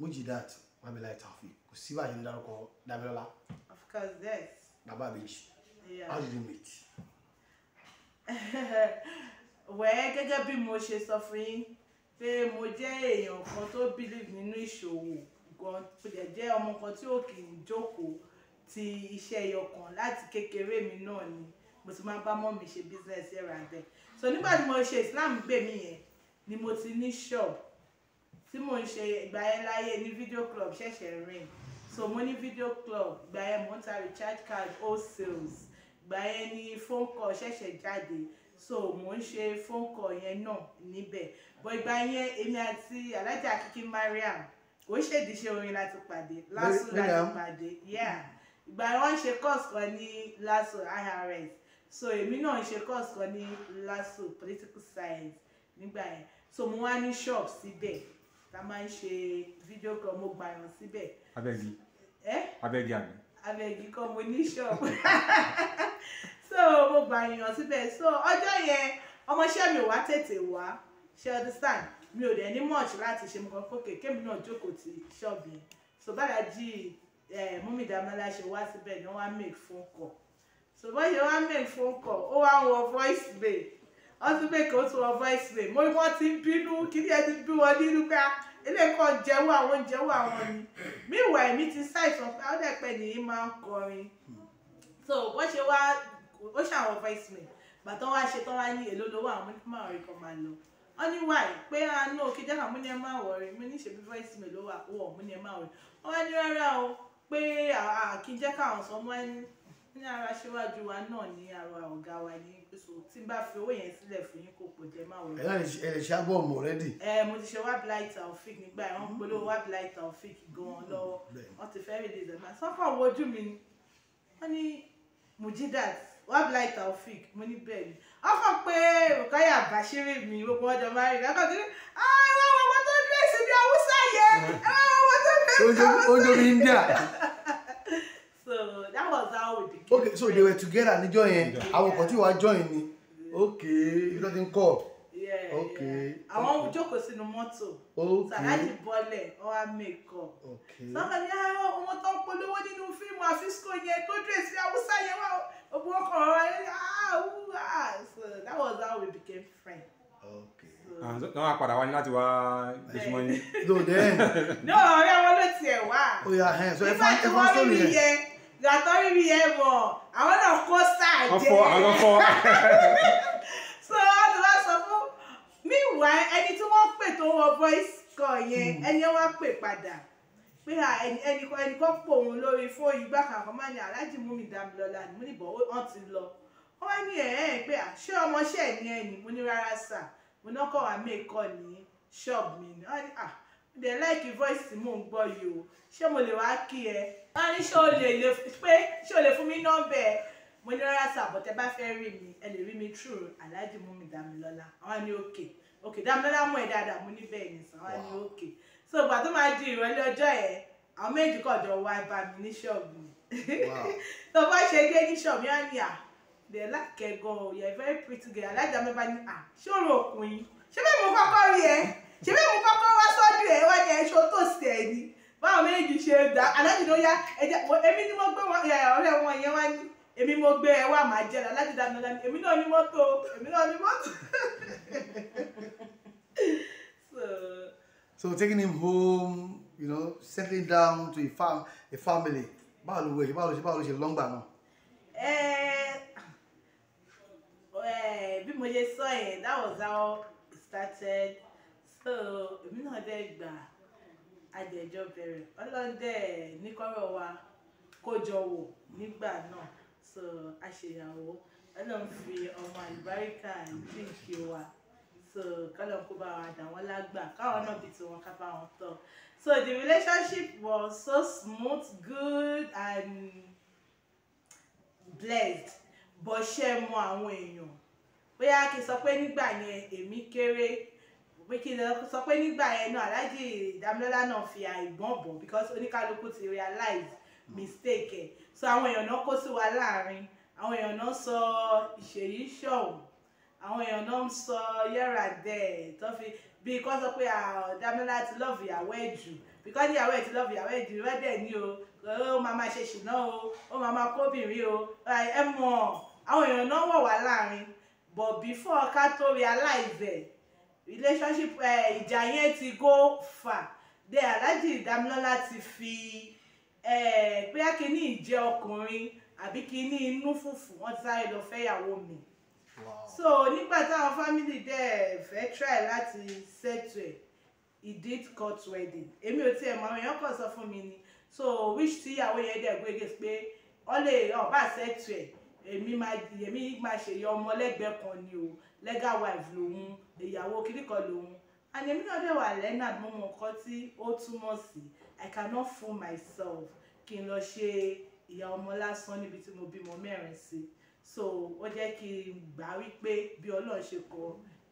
Mujidat Wabilahi Taofeek kò sí báyìí ń dárúkọ Dámilọ́lá. of course yes. Baba Beji, yeah. how did you meet? Well, gẹ́gẹ́ bí mo ṣe sọ fún yín pé mo jẹ́ èèyàn kan tó believe nínú ìṣòwò gan mo dẹ̀ jẹ́ ọmọ kan tí ò kì í jókòó ti iṣẹ́ ẹyọkan láti kékeré mi náà ni mo ti máa ń bá mọ́ mi ṣe business here and there so nígbà tí mo ṣe Islam gbè mí yẹn ni mo ti ní shop tí mo ń ṣe ìgbà yẹn láyé ní video club ṣẹ̀ṣẹ̀ rìn so money video club gbà yẹn mo ń ta recharge card wholesales gbà yẹn ni phone call ṣẹ̀ṣẹ̀ jáde so mo ń ṣe phone call yẹn náà níbẹ̀ bọ̀ ìgbà yẹn èmi àti alájà kìkì mariam ó ṣèdíṣe orin láti pàdé lásù láti pàdé yeah ìgbà yẹn wọ́n ṣe course kan ní lasso irs so èmi náà ṣe course kan ní lásù political science nígbà yẹn so mo wá ní shop síbẹ̀ la máa ń ṣe fídíò kan mo gbà yàn síbẹ̀. abẹ́gi abẹ́gi àmì. abẹ́gi kan mo ní ṣọ́ọ̀bù so mo gbà yàn síbẹ̀ so ọjọ́ yẹn ọmọọṣẹ́ mi ò wá tètè wá ṣe understand mi ò dẹ̀ ní much láti ṣe mo kàn fókè kémi náà jókòó ti ṣọ́ọ̀bù yẹn so bàdà jí múmi dàmọ́lá ṣe wá síbẹ̀ ni wọ́n á make phone call so bọ́n ṣe wá make phone call ó wá ń wọ voice mail wọ́n tún bèkè ó tún wọ voice mail mo wọ́n ti ń bínú kí ni ẹ ti bí wọn nínú pé eléèkọ́ ah, jẹ́wọ́ àwọn jẹ́wọ́ àwọn ni meanwhile èmi ti ṣàìsàn pé àwọn ẹ̀pẹ́ nìyí máa ń kọrin so wọ́n ṣe wá ó ṣàwọn voice mail bàtọ́ wá ṣe tán wá ní èlò lọ́wọ́ àwọn onímọ̀ àwọn ikọ̀ máa lọ wọ́n ní wáyé pé àánú òkè jákà mú ní ẹ máa wọ̀rí mo ní ṣèbí voice mail ló wà wọ̀ mú ní ẹ máa wọ̀rí wọ́n wá ní rárá o pé àkíjẹ́ ah, ah, káwọn sọ mọ́ ẹni ní ara ṣíwájú wa náà ní ara ọ̀gá wa ní so tí n bá fi owó yẹn sílẹ̀ fún yín kò pọ̀ jẹ́ máa wọlé. ẹ náà ẹ lè ṣe album already. ẹ mo ti ṣe Wablahi Taofeek nígbà yẹn wọ́n polówó mm. Wablahi Taofeek gan-an mm, lọ́wọ́ wọ́n ti fẹ́ rèlè dẹ̀ máa sọ́kàn wojú mi ni wọ́n ní Mujidat Wablahi Taofeek mo ní bẹ́ẹ̀ ni ọkọ̀ pé Rukayat Bashiri mi gbogbo ọjọ́ máa rìn lọ́kàn tó ní àwọn ọmọ tó dúró sí ibi Haúsá yẹn àwọn ọmọ tó dúró sí ibi Haúsá yẹn. okay so they were together níjọ́ yẹn àwọn ọkọ̀ tí wàá join ni okay you don think call. Yeah, okay. Yeah. Àwọn okay. jókòó sínú mọ́tò. Okay. Sàlájì bọ́lẹ̀ make mẹ́kọ̀. Okay. Sọ́kàdé àwọn ah, ọmọ tó ń polówó nínú fíìmù àfíṣkò yẹn tó dé sí Haúsá yẹn wá ògbó ọkọ̀ ọ̀rọ̀ yẹn ah, ah so that was how we became friends. Okay. Náà ah, wàá padà wá ní láti wá gbèsùmọ́ yín. No, ọ̀rẹ́ wọn ló tiẹ̀ wá. Ó yà ẹ̀ sọ ẹ fọ́n sórí yẹn. Nígbà tí wọ́n rí mi yẹn gàtọ́rí mi yẹn mọ̀ àwọn náà kó sáà jẹ́ ọ̀fọ̀ àwọn fọ́. so wọ́n ti wá sọ fún meanwhile any tí wọ́n pè tó wọ voice call yẹn hmm. ẹni wá pè padà pé ẹnìkan any any òun lórí fóònù ìgbà kan kan máa ní aláàjì and mi dàmí lọ lánàá mo ní bọ̀ wọ́n ti lọ wọ́n wá ní ẹ̀ẹ́ pé ṣé ọmọọṣẹ́ ẹ̀ ní ẹ̀yìn mo ní rárá sà mo náà kọ̀ wá mẹ́kọ̀ ní ṣọ́ọ̀bù mi ní wọ́n ní ah dẹ̀ láìkí voice mò ń gbọ́ yìí o ṣé mo lè wá wọ́n á ní ṣé o lè lè pé ṣé o lè fún mi nọ́ọ̀bẹ mo ní rárá sà bọ̀tẹ́ bá fẹ́ rí mi ẹ lè rí mi true aláàjì mú mi Dámilọ́lá àwọn ni òkè òkè Dámilọ́lá mú ẹ dáadáa mo ní bẹ́ẹ̀ ni sàn àwọn ni òkè so ìgbà tó máa di ìrọ̀lẹ́ ọjọ́ yẹn àwọn méjì kọ̀ jọ wá bá mi ní ṣọ́ọ̀bù tó bá ṣe dé ní ṣọ́ọ̀bù yẹn ni à dẹ̀ lákẹ́ gan-an you are very pretty girl alájà mẹ́fà ni à ṣòro òkùnrin ṣé bẹ́ẹ̀ mo kọ́kọ́ rí ẹ ṣé bẹ́ẹ̀ mo kọ́kọ́ wá sọ́dún ẹ wá ní ẹ ṣó tòsí ẹ ni báwọn méjì ṣe dá aláàjì ló yá ẹjẹ èmi ni mo gbé ọ̀rẹ́ wọn yẹn wá ní èmi mo gbé ẹwà máa jẹ aláàjì dáadáa dáadáa èmi náà ní mọ́tò èmi náà ní mọ́tò. so taking him home you know settling down to a fam a family báwo ló wẹ̀ báwo ló ṣe báwo ló ṣe lọ́ngbà náà. bí mo ṣe sọ yẹn that was how it started so èmi náà dẹ́ gbà àjẹjọ bẹ̀rẹ̀ ọlọ́dẹ níkọ́rọ̀ wa kójọ wò nígbà náà so àṣeyàwó ọlọ́run fi ọmọ àlùbáríkà jíǹkì wa so kọ́lọ̀ kó bá wa dà wọ́n lágbà káwọn náà bí tiwọn ká bá wọn tọ́ so the relationship was so smooth good and blessed bọ́ṣẹ́ mọ àwọn èèyàn bóyá kí n sọ pé nígbà yẹn èmi kéré pé kí lọ sọ pé nígbà yẹn náà aláàjì Dámilọ́lá náà fi àìgbọ́n bọ̀ because oníkálukú ti realize mistake ẹ̀ so àwọn èèyàn náà kó sí wa láàrin àwọn èèyàn náà sọ ìṣèyí ṣọ̀hún àwọn èèyàn náà ń sọ yẹ́ra dẹ̀ tó fi bíi kọ́ sọ pé Dámilọ́lá ti lọ́ọ̀fù ìyàwó ẹ̀ jù because ìyàwó ẹ̀ ti lọ́ọ̀fù ìyàwó ẹ̀ jù rẹ́ dẹ̀ ni o ó máa máa ṣe ṣìná o ó máa máa kóbìnrin o ẹ mọ̀ àwọn èèyàn náà wọ̀ wá láàrin but before ká tó realize ẹ̀ relationship eh, ìjà uh, yẹn ti go far de Alhaji Damilọ́lá ti fi eh, pé kíní ìjẹ ọkùnrin àbí kíní inú fùfù wọn ti sáré lọ fẹ́yàwó mi so nígbà táwọn fámìlì dẹ̀ fẹ́ try láti settle ẹ̀ did court wedding èmi ò tiẹ̀ mọ àwọn èèyàn kan sọ fún mi ni so which tíyàwó yẹn dẹ̀ gbége pé ọ lè ọba settle ẹ̀ èmi máa ṣèyí ọmọ lẹ́gbẹ̀ẹ́ kan ni o legal wife lòun ìyàwó kíríkan lòun and èmi náà dẹ̀ wà leonard mo mọ nǹkan tí ó túmọ̀ sí i cannot fool myself kí n lọ ṣe ìyá ọmọ lásán níbi tí mo bímọ mẹ́rin sí so ó jẹ́ kí n gbà wípé bí ọlọ́run ṣe kọ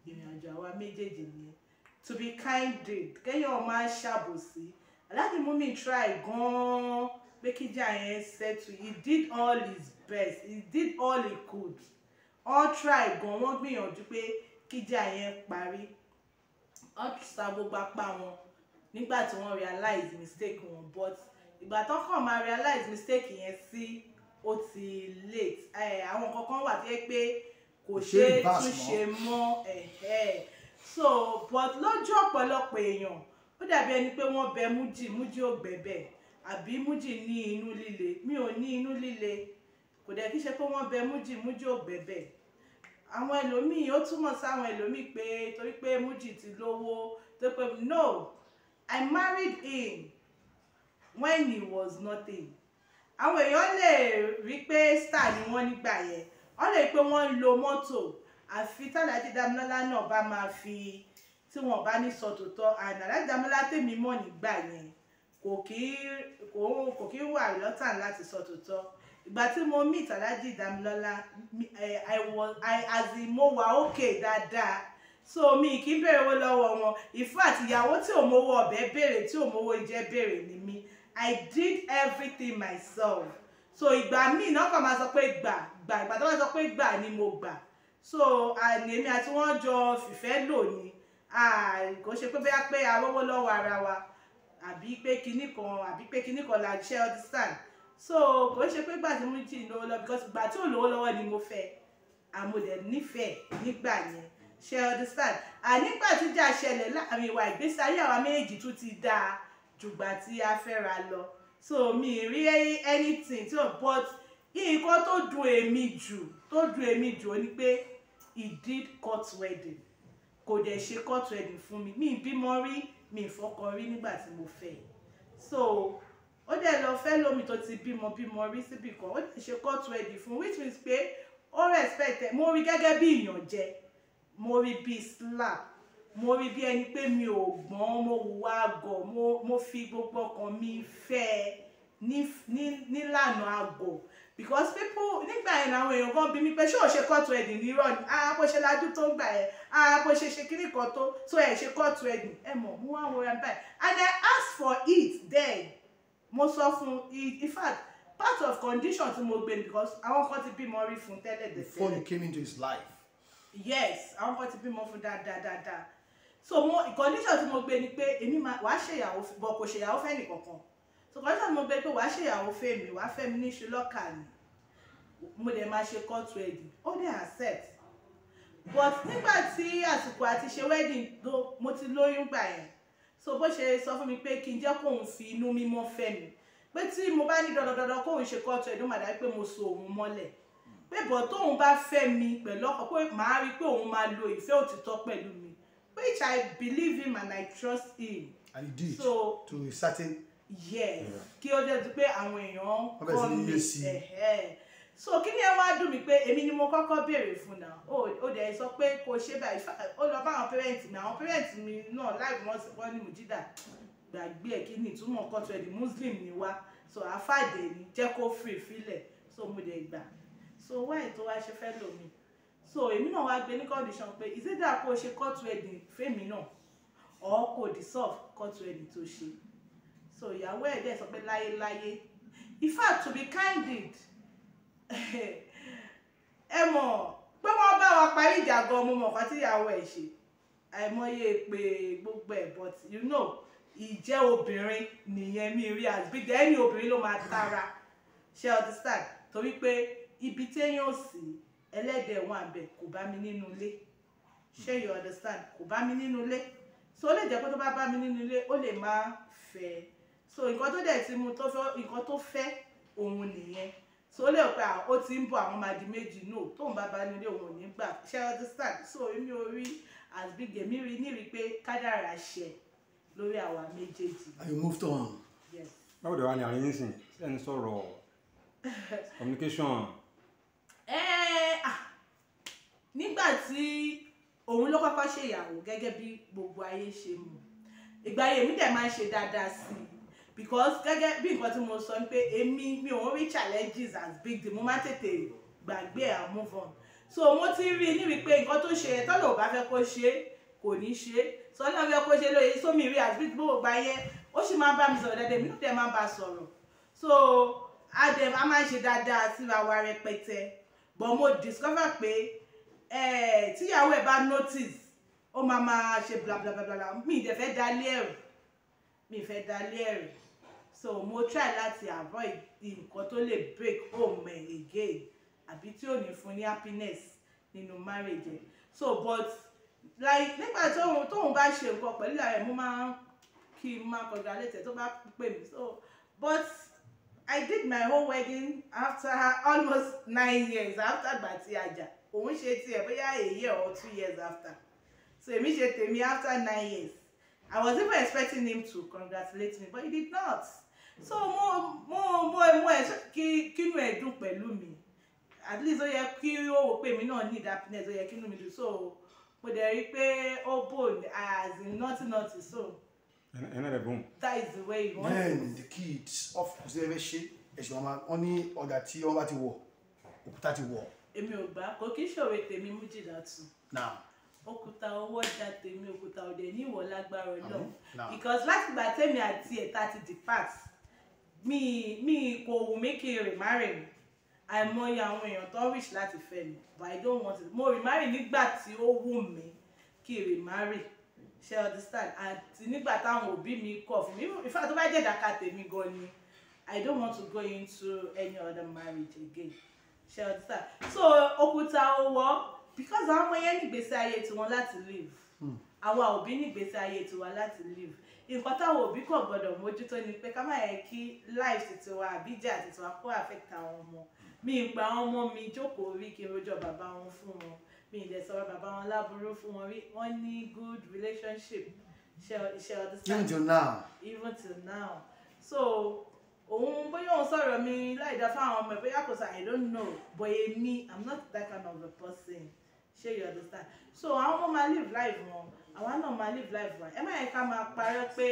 ìrìn àjò àwa méjèèjì nìyẹn to be kind-hearted kéèyàn máa ṣàbòsí aláàdì mumi try gan-an pé kíjà yẹn settle he did all his best he did all he could all try gan-an wọ́n gbìyànjú pé kíjà yẹn parí wọ́n sa gbogbo apá wọn nígbà tí wọ́n realize mistake wọn but ìgbà tó kàn máa realize mistake yẹn sí ó ti late eh, àwọn kankan wà tó yẹ pé kò ṣeé túnṣe mọ́ so but lójú ọ̀pọ̀lọpọ̀ èèyàn ó dàbí ẹni pé wọ́n bẹ mújì mújì ò gbẹ̀bẹ̀ àbí mújì ní inú líle mi ò ní inú líle kò dẹ̀ kí ṣe pé wọ́n bẹ mújì mújì ò gbẹ̀bẹ̀ àwọn ẹlòmíì ó túmọ̀ sí àwọn ẹlòmíì pé torí pé Muji ti lówó tó pé no I married him when he was nothing àwọn èèyàn lè rí pé star ni wọ́n nígbà yẹn wọ́n lè pé wọ́n ń lo mọ́tò àfi tálàjì Dámilọ́lá náà bá máa fi tí wọ́n bá ní sọ tòótọ́ àná láti Dámilọ́lá tèmi mọ̀ nígbà yẹn kò kí kò kí wà lọ́tàn láti sọ tòótọ́ ìgbà tí mo meet Alhaji Damilọ́lá i was i as in mo wà okay dáadáa so mi kì í béèrè owó lọ́wọ́ wọn in fact ìyàwó tí ò mówó ọbẹ̀ béèrè tí ò mówó ìjẹ béèrè ni mi i did everything myself so ìgbà míì náà kàn máa sọ pé gbà gbà ìgbà tó máa sọ pé gbà ni mo gbà so èmi àti wọn jọ fìfẹ́ lò ní kò ṣe pé bóyá pé arówó lọ́wọ́ ara wa àbí pé kinní kan àbí pé kinní kan la ṣe understand so kò ṣe pé gbà tí mo ti lówó lọ because gbà tí ò lówó lọ́wọ́ ni mo fẹ́ àmọ̀dẹ̀ nífẹ̀ẹ́ nígbà yẹn ṣe understand ànígbà tíjà ṣẹlẹ̀ láàrin ìwà ìgbésí ayé àwa méjì tún ti dáa jùgbà tí a fẹ́ra lọ so mi rí anything tí o but nǹkan tó dùn èmi jù tó dùn èmi jù ó ní pé he did court wedding kò dẹ̀ ṣe court wedding fún mi mi bímọ rí mi ìfọkọ rí nígbà tí mo fẹ́ so ó dẹ̀ lọ fẹ́ lómi tó ti bímọ bímọ rí síbì kan ó dẹ̀ ṣe court wedding fún which means pé ó respect ẹ mo rí gẹ́gẹ́ bí ìyànjẹ mo rí bí slap mo rí bí ẹni pé mi ò gbọ́n mo wùwà àgọ̀ mo, mo fi gbogbo ọkàn mi fẹ́ ẹ nílànà àgọ̀ because people nígbà yẹn làwọn èèyàn kan bí mi pé ṣé ò ṣe court wedding nírọ̀ ni ah bó ṣe lajú tó ń gbà yẹn ah bó ṣe ṣe kíní kan tó so ẹ̀ ṣe court wedding ẹ mọ̀ mo wá wo ẹ báyìí and I asked for it then mo sọ fún in fact part of condition tí mo gbé because àwọn kan ti bímọ rí fún tẹ́lẹ̀ tẹ́lẹ̀. before you came into his life. yes àwọn kan ti bímọ fún dáadáa dáadáa so mo condition tí mo gbé ni pé èmi wàá ṣèyàwó bọ̀ kò ṣèyàwó fẹ́ nìkankan so condition tí mo gbé pé wàá ṣèyàwó fẹ́ mi wàá fẹ́ mi ní ṣe lọ́kà ni mo dẹ̀ máa ṣe court wedding ó dẹ̀ accept but nígbà tí àsìkò àti ṣe wedding mo ti lóyún gbà yẹn so bó ṣe sọ fún mi pé kí n jẹ́ kóun fi inú mímọ́ fẹ́ mi pé tí mo bá ní dandandandan kóun ṣe kọ́tọ̀ ẹ̀dùn màdá pé mo so òun mọ́lẹ̀ pé bọ̀ tóun bá fẹ́ mi pẹ̀lú ọkọ̀ pé màá rí pé òun máa lo ìfẹ́ òtítọ́ pẹ̀lú mi which I believe him and I trust him. and he did so, to a certain. yes kí ó jẹ́ ti pé àwọn èèyàn kọ́ mi ẹ̀hẹ́ so kí ni ẹ wá dùn mí pé èmi ni mo kọ́kọ́ béèrè fún náà ó dẹ̀ sọ pé kò ṣe báyìí ó lọ bá àwọn pẹ́rẹ́ǹtì mi àwọn pẹ́rẹ́ǹtì mi náà láì wọ́n ní mùjídà gbàgbé ẹ̀ kí ni ìtumọ̀ nǹkan tó ẹ̀ di muslim ni wá so àfàdé ni jẹ́ kó free filẹ̀ so mo dẹ̀ gbà so wáyé tó wá ṣe fẹ́ lò mí so èmi náà wá gbé ní condition pé ìṣẹ́dá kó o ṣe kọ́tù ẹ̀dìn fèmí náà ọ̀ kò dissolve kọ́tù ẹ̀dìn tó ṣe so ìyàwó ẹ̀ dẹ̀ sọ pé láyéláyé in fact to be kind deed ẹ mọ̀ pé wọ́n bá wa parí ìjà gan mo mọ̀ kan tíyàwó ẹ̀ ṣe àìmọye pé gbogbo ẹ̀ but you know ìjẹ́ obìnrin nìyẹn mi rí as big ẹni obìnrin ló máa tara ṣe understand torí pé ibi téèyàn sí ẹlẹ́dẹ̀ wọn àbẹ̀ kò bá mi nínú ilé ṣé you understand kò bá mi nínú ilé so ó lè jẹ́ pé tó bá bá mi nínú ilé ó lè má fẹ́ so nǹkan tó dẹ̀ ti mu tó fẹ́ nǹkan tó fẹ́ òun nìyẹn so lè pa ó ti ń bọ àwọn máa di méjì no tóun bá bá nílé òun ò ní gbà ṣe understand so èmi ò rí as big èmi rí nírí pé kádàrà ṣẹ lórí àwa méjèèjì. you moved on. báwo de wá ní àárín nísìn ṣé ẹni sọ̀rọ̀ communication. ẹ ẹ nígbà tí òun ló kọ́kọ́ ṣèyàwó gẹ́gẹ́ bí gbogbo ayé ṣe mọ̀ ìgbà yèmí dẹ̀ máa ń ṣe dáadáa sí i because gẹ́gẹ́ bí nǹkan tí mo sọ pé èmi mi ò rí challenges as big deal mo máa tètè gbàgbé and move on so mo ti rí i níbi pé nǹkan tó ṣe yẹn tọ́lọ̀ ò bá fẹ́ kó ṣe é kò ní ṣe é sọ́nà fẹ́ kó ṣe lóye sómi rí as big deal bó bá yẹ ó sì máa bá mi sọ̀rọ̀ dáadáa èmi náà dẹ̀ máa bá a sọ̀rọ̀ so adem a máa ń ṣe dáadáa síra wa rẹpẹtẹ but mo discover pé tíyàwó ẹ̀ bá notice ó máa máa ṣe blablabla mi ì dẹ̀ fẹ́ dalé ẹ̀rù mi ì fẹ́ dalé ẹ̀rù so mo try láti avoid nǹkan tó lè break home ẹ̀ again àbí tí ò ní fún ní happiness nínú marriage so but like nígbà tóun tóun bá ṣe nǹkan pẹ̀lú ìlànà ẹ̀ mo máa ń kí n máa congratulate ẹ̀ tó bá pè mí so but I did my whole wedding after almost nine years after gbàtí àjà òun ṣe tiẹ̀ bóyá a year or two years after so èmi ṣe tèmi after nine years I was even expecting him to congratulate me but he did not so mo mo mo mo ẹ kí kínú ẹ dùn pẹ̀lú mi at least ó yẹ kí ó wò pé èmi náà need happiness ó yẹ kínú mi dùn so mo dẹ̀ rí pé ó bold as in nothing nothing so. ẹnẹ rẹ bùn. that is the way you want it. then the kids of kò sí ẹgbẹ́ ṣe ẹ̀sùn ọmọ wọn ní ọ̀dà tí wọ́n bá ti wọ̀ òkúta ti wọ̀. èmi ò gbà kò kí ṣòro tèmi mú jìdá tù. now òkúta owó ọjà tèmi òkúta ọdẹ ní ìwọ lágbára Ọlọ́run because láti gbà tèmi àti ẹ tá ti di pass mi mi kò wù mí kí n remarry mi àìmọye àwọn èèyàn tó wish láti fẹ́ mi but i don't want it mo remarry nígbà tí ó wù mí kí n remarry ṣe understand àti nígbà táwọn òbí mi kọ̀ fún mi in fact tó bá jẹ́ ìdàkà tèmi gan ni i don't want to go into any other marriage again ṣe understand so òkúta owó because àwọn ọmọ yẹn nígbésí ayé tiwọn láti live hmm. àwa òbí nígbésí ayé tiwa láti live nǹkan táwọn òbí kàn gbọdọ̀ mójútó ni pé ká má yẹ kí life ti wa àbíjà àti tiwa kó affect àwọn ọmọ mi ìgbà àwọn ọmọ mi jókòó rí kí n rojọ́ bàbá wọn fún wọn mi ìdẹ̀ sọ̀rọ̀ bàbá wọn láburú fún wọn rí wọ́n ní good relationship iṣẹ́ ọdún sáà even till now even till now so òun bóyá òun sọ̀rọ̀ mi láì dá fáwọn ọmọ ẹ̀ bóyá kò sọ I don't know but èmi I'm not that kind of a person ṣé you understand so àwọn ọmọ máa live life wọn àwa náà máa live life wa ẹ má yẹ ká máa parẹ́ pé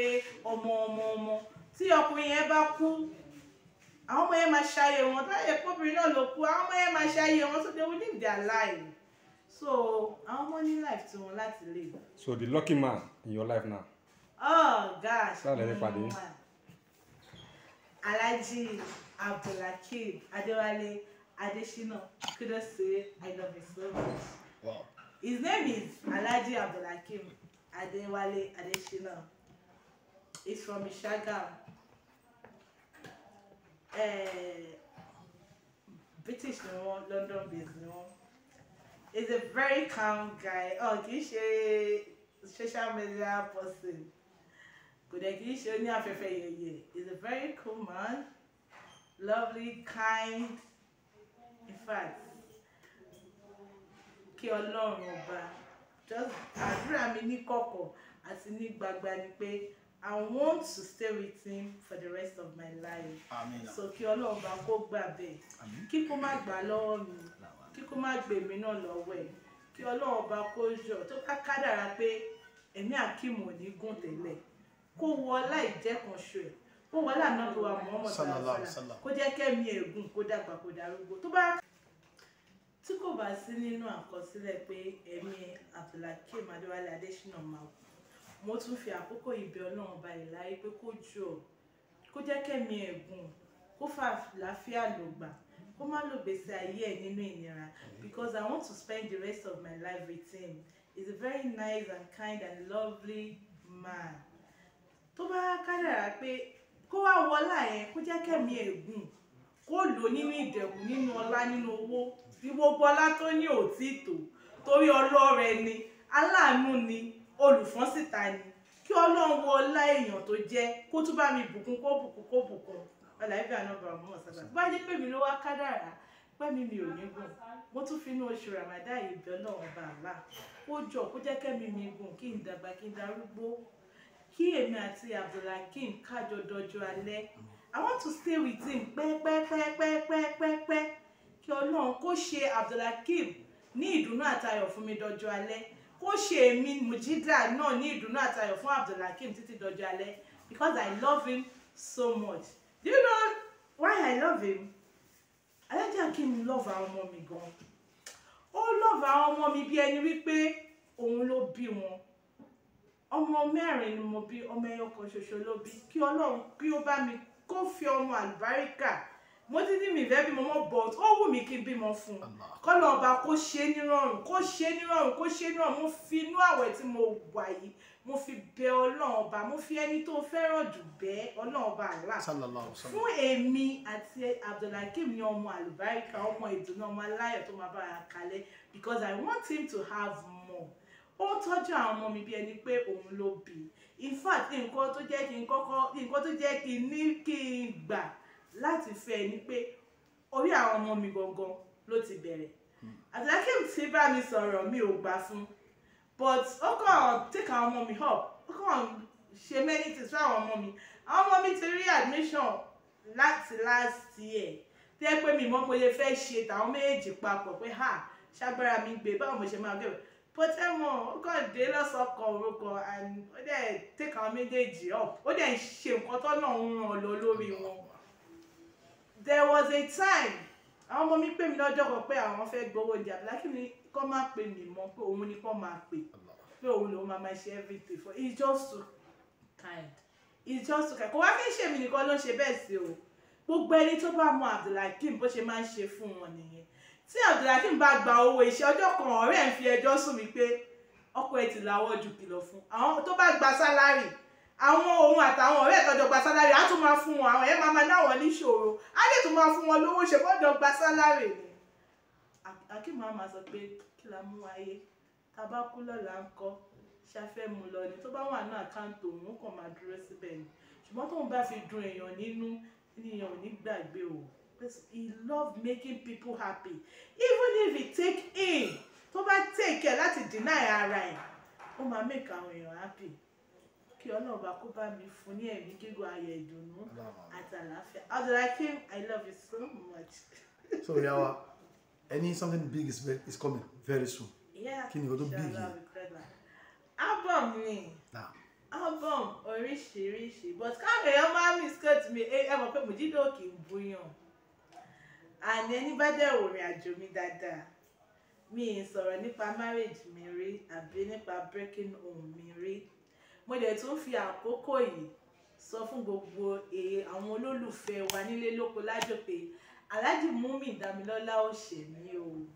ọmọ ọmọ ọmọ tí ọkùnrin yẹn bá kú àwọn ọmọ yẹn máa ṣayé wọn táyà kóbìnrin náà ló kú àwọn ọmọ yẹn máa ṣayé wọn so they will live their life so àwọn ọmọ ní life tí wọn láti live. so the lucky man in your life now. oh gosh. sáà lẹ́yìn pàdé. alhaji abdulhakeem adewale adesina kudos to you i love you so much. Wow. His name is Alaji Abdulakim Adewale Adesina. He's from Ishagam. Uh, eh, British ni London based ni He's a very calm guy. Oh, he's a ṣe social media person. Kò dẹ̀ kì He's a very cool man, lovely, kind, in fact kí ọlọ́run ọba àdúrà mi ní kọ̀kọ̀ àti ní gbangba ni pé I want to stay with him for the rest of my life. So kí ọlọ́run bá kó gbà bẹ́ẹ̀. Kí kó má gbà lọ́wọ́ mi. Kí kó má gbè mí náà lọ́wọ́ ẹ̀. Kí ọlọ́run bá kó yọ tó ká kádàrá pé ẹ̀mí àkímù ò ní gùn tẹ́lẹ̀. Kó wọ láìjẹ́kànṣe ẹ̀ kó wọ́n lànà tó ọmọ tó kó jẹ́ kẹ́mi ẹ̀gùn kó dàgbà kó darúgbó tó bá tí kò bá sí nínú àkọsílẹ̀ pé ẹ̀mí abdulhakeem adéwálé adésínà máa kú mo tún fi àkókò ìbẹ̀ ọlọ́run báyìí láyé pé kó jù ọ́ kó jẹ́ kẹ́mi ẹ̀gùn kó fà láfíà ló kó má lò gbèsè ayé ẹ̀ nínú ìnira because i want to spend the rest of my life with him he's a very nice and kind and lovely man tó bá kádàrá pé kó wá wọlá yẹn kó jẹ́ kẹ́mi ẹ̀gùn kó lò nínú ìdẹ̀kùn nínú ọlá nínú owó tí gbogbo ọlá tó ní ò tó torí ọlọ́rẹ ni aláàánú ni olùfọ́nsìta ni kí ọlọ́run wọ ọlá èèyàn tó jẹ́ kó tún bá mi bùkún kó bùkún kó bùkún ọ̀là ìbí ànábà mọ́ ọ̀sán bá jẹ́ pé mi ló wá kádàrá pẹ́mi mi ò ní gùn mo tún fi oṣù ramadan yìí bẹ́ ọlọ́run bá ó jọ kó jẹ́ kẹ́mi mi gùn kí n dàgbà kí n darúgbó kí èmi àti abdulhakeem kájọ dọjọ́ alẹ́ i want to stay with him pẹ́pẹ́pẹ́pẹ́pẹ́pẹ́ kí ọlọ́run kó ṣe abdulhakeem ní ìdùnnú àtayọ̀ fún mi dọjọ́ alẹ́ kó ṣe èmi mujida náà ní ìdùnnú àtayọ̀ fún abdulhakeem títí dọjọ́ alẹ́ because i love him so much do you know why i love him alájàkín love àwọn ọmọ mi gan ó love àwọn ọmọ mi bí ẹni wípé òun ló bí wọn ọmọ mẹ́rin ni mo bí ọmọ ẹyọ kan ṣoṣo ló bí kí ọlọ́run kí ó bá mi kó fi ọmọ àlùbáríkà mo ti ní mi ìfẹ́ bímọ mọ́ but ó wù mí kí n bímọ fún un kọ́nà ọba kó ṣe nírọ̀rùn kó ṣe nírọ̀rùn kó ṣe nírọ̀rùn mo fi inú àwẹ̀ tí mo wà yìí mo fi bẹ ọlọ́run ọba mo fi ẹni tó fẹ́ràn jù bẹ ọlọ́run ọba àlá fún èmi àti abdulhakeem ní ọmọ àlùbáríkà ọmọ ìdùnnú ọmọ aláyọ̀ tó máa bára kalẹ̀ because i want him to have more ó tọ́jú àwọn ọmọ mi bí ẹni pé òun ló bí in fact nǹkan tó jẹ́ kí n kọ́kọ́ nǹkan tó jẹ́ kí n ní kí n gbà láti fẹ́ ẹni pé orí àwọn ọmọ mi gangan ló ti bẹ̀rẹ̀ àtàkì tí bá mi sọ̀rọ̀ mi ò gbà fún but ó kàn take àwọn ọmọ mi up ó kàn ṣe many things fún àwọn ọmọ mi àwọn ọmọ mi ti rí admission láti last year tí ẹ pé mi mọ́ pé ó yẹ fẹ́ ṣe tàwọn méjèèjì papọ̀ pé ha ṣágbára mi gbé báwo mo ṣe máa gbẹ̀rẹ̀ pọtẹ́mọ̀ ó kàn dé lọ́sọ̀kan orúkọ and ó dẹ̀ take àwọn méjèèjì up ó dẹ̀ ṣe nǹkan tọ́nà ń ràn lọ lórí wọn there was a time àwọn ọmọ mi pè mí lọ́jọ́ kan pé àwọn fẹ́ gbowó oúnjẹ àbílákì ni kọ́ máa pè mí mọ́ pé òun ni kọ́ máa pè pé òun lòun máa máa ṣe everything for it's just too kind it's just too kind kò wá kí n ṣe mí nìkan ló ń ṣe bẹ́ẹ̀ sí o gbogbo ẹni tó bá mọ abdulhakeem bó ṣe máa ń ṣe fún wọn nìyẹn tí abdulhakeem bá gba owó iṣẹ́ ọjọ́ kan ọ̀rẹ́ ẹ̀ fi ẹjọ́ sùn mí pé ọkọ ẹ ti làwọ́ ju kìlọ̀ fún àwọn tó bá gba sálárì àwọn òun àtàwọn ọ̀rẹ́ ìtọ́jọ gba á tún máa fún wọn àwọn yẹn máa máa náwọn níṣòro á lè tún máa fún wọn lówó ṣe fọ́jọ gba ni. akéèmọ̀ máa sọ pé kí la mú ayé tá a bá kú lọ́la ń kọ́ ṣafẹ́ mu lọ ni tó bá wà ní àkáǹtì òun ó kàn máa dúró síbẹ̀ ni ṣùgbọ́n tóun bá fi dun èèyàn nínú èèyàn ò ní gbàgbé o he love making people happy even if he take in tó bá take care láti deny ara ẹ̀ ó máa make àwọn èèyàn happy kí ọlọ́run bá kó bá mi fún ní ẹ̀mí gígùn ayọ̀ ìdùnnú àti àlàáfíà Abdulhakeem I love you so much. so yawa any something big is, very, is coming very soon. kí ni ìkọ́tọ̀ big yìí. album ni album oríṣiríṣi but káwọn èèyàn máa ń miscut mi ẹ mọ̀ pé Mojido kì í búyàn àní ẹni bá dẹ̀ wò rìn àjò mi dáadáa mi ì sọ̀rọ̀ nípa marriage mi rí àbí nípa breaking home mi rí mo dẹ̀ tún fi àkókò yìí sọ fún gbogbo e, àwọn olólùfẹ́ wa nílé lóko lájò pé Alhaji Mumy Damilọ́lá ò ṣèmí o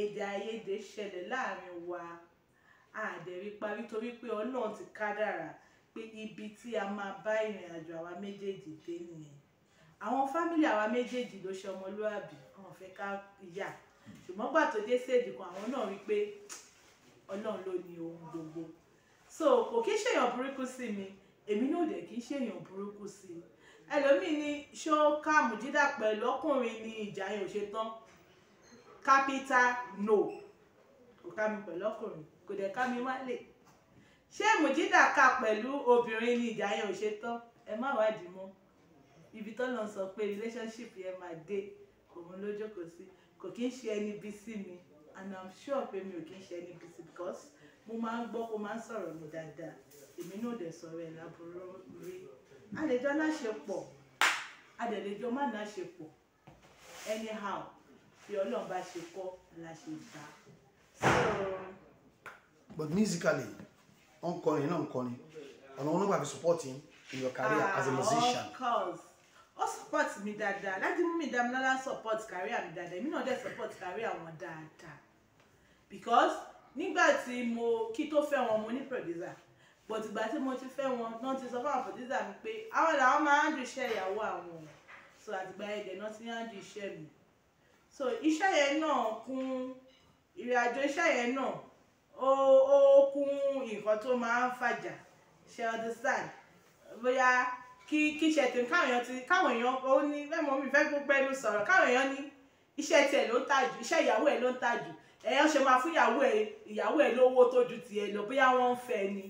èdè àìyedè ṣẹlẹ̀ láàrin wa àdẹ̀rí parí torí pé ọlọ́run ti kádàrà pé ibi tí a máa bá ìrìn àjò àwa méjèèjì dé nìyẹn àwọn fámìlì àwa méjèèjì ló ṣe ọmọlúàbí wọn fẹ́ ká yà ṣùgbọ́n gbà tó dé séèdì kan àwọn náà rí i pé ọlọ́run ló ní ohun gbogbo so kò kí ń ṣèyàn burúkú sí mi èmi náà dẹ̀ kí ń ṣèyàn burúkú sí i ẹlòmíì ní ṣó ká Mùjídà pẹ̀lú ọkùnrin ní ìjà yẹn ò ṣe tán capital no kò ká mi pẹ̀lú ọkùnrin kò dẹ̀ ká mi má lè ṣé Mùjídà ká pẹ̀lú obìnrin ní ìjà yẹn ò ṣe tán ẹ má wádìí mọ́ ibi tó lọ sọ pé relationship yẹn máa dé òun ló jókòó sí kò kí ń ṣe ẹni bí sí mi and i'm sure pé mi ò kí ń ṣe ẹni bí sí because mo máa ń gbọ́ kó máa ń sọ̀rọ̀ mi dáadáa èmi náà dẹ̀ sọ̀rọ̀ ẹ̀ láburú rí a lè jọ láṣepọ̀ a dẹ̀ lè jọ má láṣepọ̀ anyhow bí ọlọ́run bá ṣe kọ́ la ṣe gbà. but musically wọn kọrin náà kọrin ọ̀nà wọn nígbà fi support him in your career ah, as a ah, musician. of course ó support mi dáadáa láti mú mi dáadáa support career mi dáadáa èmi náà dẹ̀ support career wọn dáadáa because nígbà tí mo kí tó fẹ́ wọn mo ní producer but ìgbà tí mo ti fẹ́ wọn náà ti sọ fún àwọn producer mi pé àwọn làwọn máa ń dùn iṣẹ́ ìyàwó àwọn so àtìgbà ẹ̀dẹ̀ náà ti ń dùn iṣẹ́ mi so iṣẹ́ yẹn náà kún ìrìn àjò iṣẹ́ yẹn náà ó ó kún nǹkan tó máa ń fàjà ṣe understand bóyá kí kí iṣẹ́ tèmi káwọn èèyàn ti káwọn èèyàn ó ní bẹ́ẹ̀ mọ́ mi fẹ́ gbogbo ẹnu sọ̀rọ̀ káwọn èèyàn ní iṣẹ́ tiẹ̀ ló ń tà jù iṣẹ́ ìyàwó ẹ̀ ló ń tà jù ẹ ọ ṣe máa fún ìyàwó ẹ ìyàwó ẹ lówó tó ju tiẹ̀ lọ bóyá wọ́n ń fẹ́ ni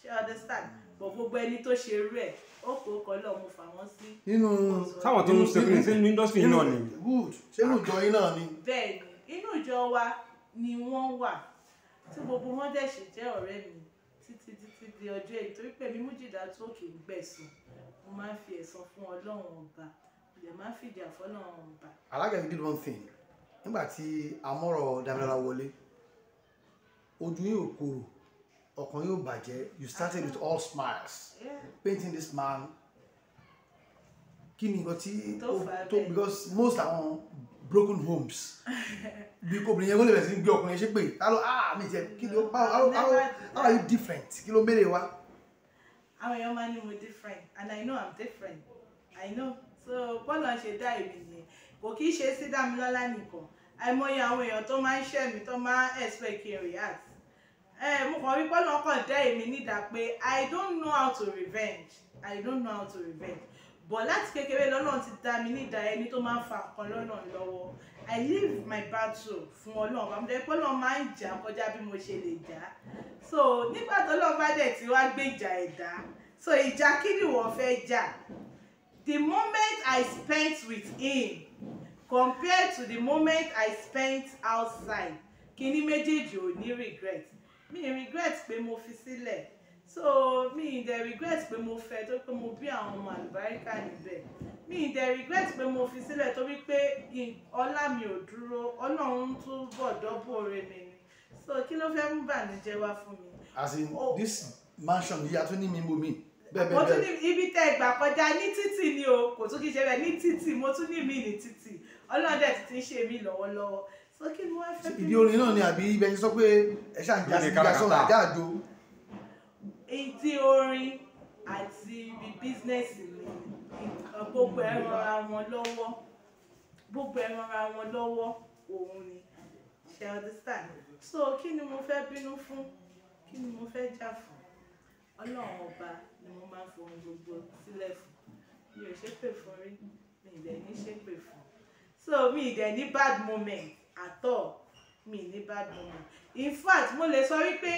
ṣé understand bọ̀ gbogbo ẹni tó ṣe irú ẹ̀ ó kó kọ́ lọ́ọ́ mo fà wọ́n sí. nínú sáwọn tó ń ṣe pé sínú industry ni. good ṣé inú ìjọ yín ni. bẹ́ẹ̀ ni inú ìjọ wa ni wọ́n wà tí gbogbo wọn dẹ̀ ṣe jẹ́ ọ̀rẹ́ mi títí títí di ọjọ́ èyí torí pé mi Mújìdá tó kì í gbẹ̀sùn mo máa ń fi ẹ̀san fún Ọlọ́run ọba mo máa ń fìjà fọ́lọ́run ọba. alága you did one thing nígbà amọ́rọ̀ Damilola wọlé ojú yóò korò ọkàn yóò bàjẹ́ you started with all smiles painting this man kí ni nǹkan tí tó because most àwọn broken homes bí obìnrin yẹn kó lè bẹ̀rẹ̀ sí gbé ọkùnrin yẹn ṣe pé alo ah mi jẹ kí ló how how how are you different kí ló mèrè wa. àwọn èèyàn máa ń ní mo different and I know I'm different I know so bọ́ọ̀lù ṣe dá èmi nìyẹn kò kí ṣe sí Dámilọ́lá nìkan àìmọye àwọn èèyàn tó máa ń ṣẹ̀ mí tó máa ń expect kí n react mo kàn wípé ọ̀nà kan èmi nídà pé I don't know how to revenge I don't know how to revenge but láti kékeré lọ́nà ti dá mi nídà ẹni tó máa ń fa nǹkan lọ́nà lọ́wọ́ I live my battle fún ọlọ́run bá mo dẹ́ pé ọlọ́run máa ń jà kọjá bí mo ṣe lè jà so nígbà tó lọ́ọ́ bá dẹ̀ tí wàá gbé ìjà ẹ̀dá so ìjà kí ni wọ́n fẹ́ jà the moment i spent with him compared to the moment i spent outside kíní méjèèjì ò ní regret mi regret pé mo fi sílẹ̀ so mi dey regret pé mo fẹ́ torí pé mo bí àwọn ọmọ àlùbáríkà níbẹ̀ mi dey regret pé mo fi sílẹ̀ torí pé ọlá mi ò dúró ọlọ́run tún bọ̀ dọ́bọ̀ rẹ mi ni so kí ló fẹ́ mú bànújẹ́ wá fún mi. as in oh. this mansion yíyá tó ní mi mú bẹ́ẹ̀ mo tún ní ibi tẹ́ gbà kọjá ní títì ni o kò tún kí ṣe bẹ́ẹ̀ ní títì mo tún ní mí ní títì ọlọ́dẹ ti ti ṣe mí lọ́wọ́lọ́wọ́ so kí ni wọ́n fẹ́ bí. ìdí orin náà ni àbí ibẹ̀ ti sọ pé ẹ ṣáà ń já sí ìjà sọ̀rọ̀ àjá àjò. ìdí orin àti ibi bísínẹ́sì mi gbogbo ẹ rọra wọn lọ́wọ́ gbogbo ẹ rọra wọn lọ́wọ́ òun ni ṣe understand so kí ni mo fẹ́ bínú fún kí ni mo fẹ́ jà fún ọlọ́run ọba ni mo máa ń fọ ohun gbogbo sílẹ̀ fún mi ò ṣépè fún rí mi ì dẹ̀ ní ṣépè fún so mi ì dẹ̀ ní bad moment at all mi ì ní bad moment in fact mo lè sọ wípé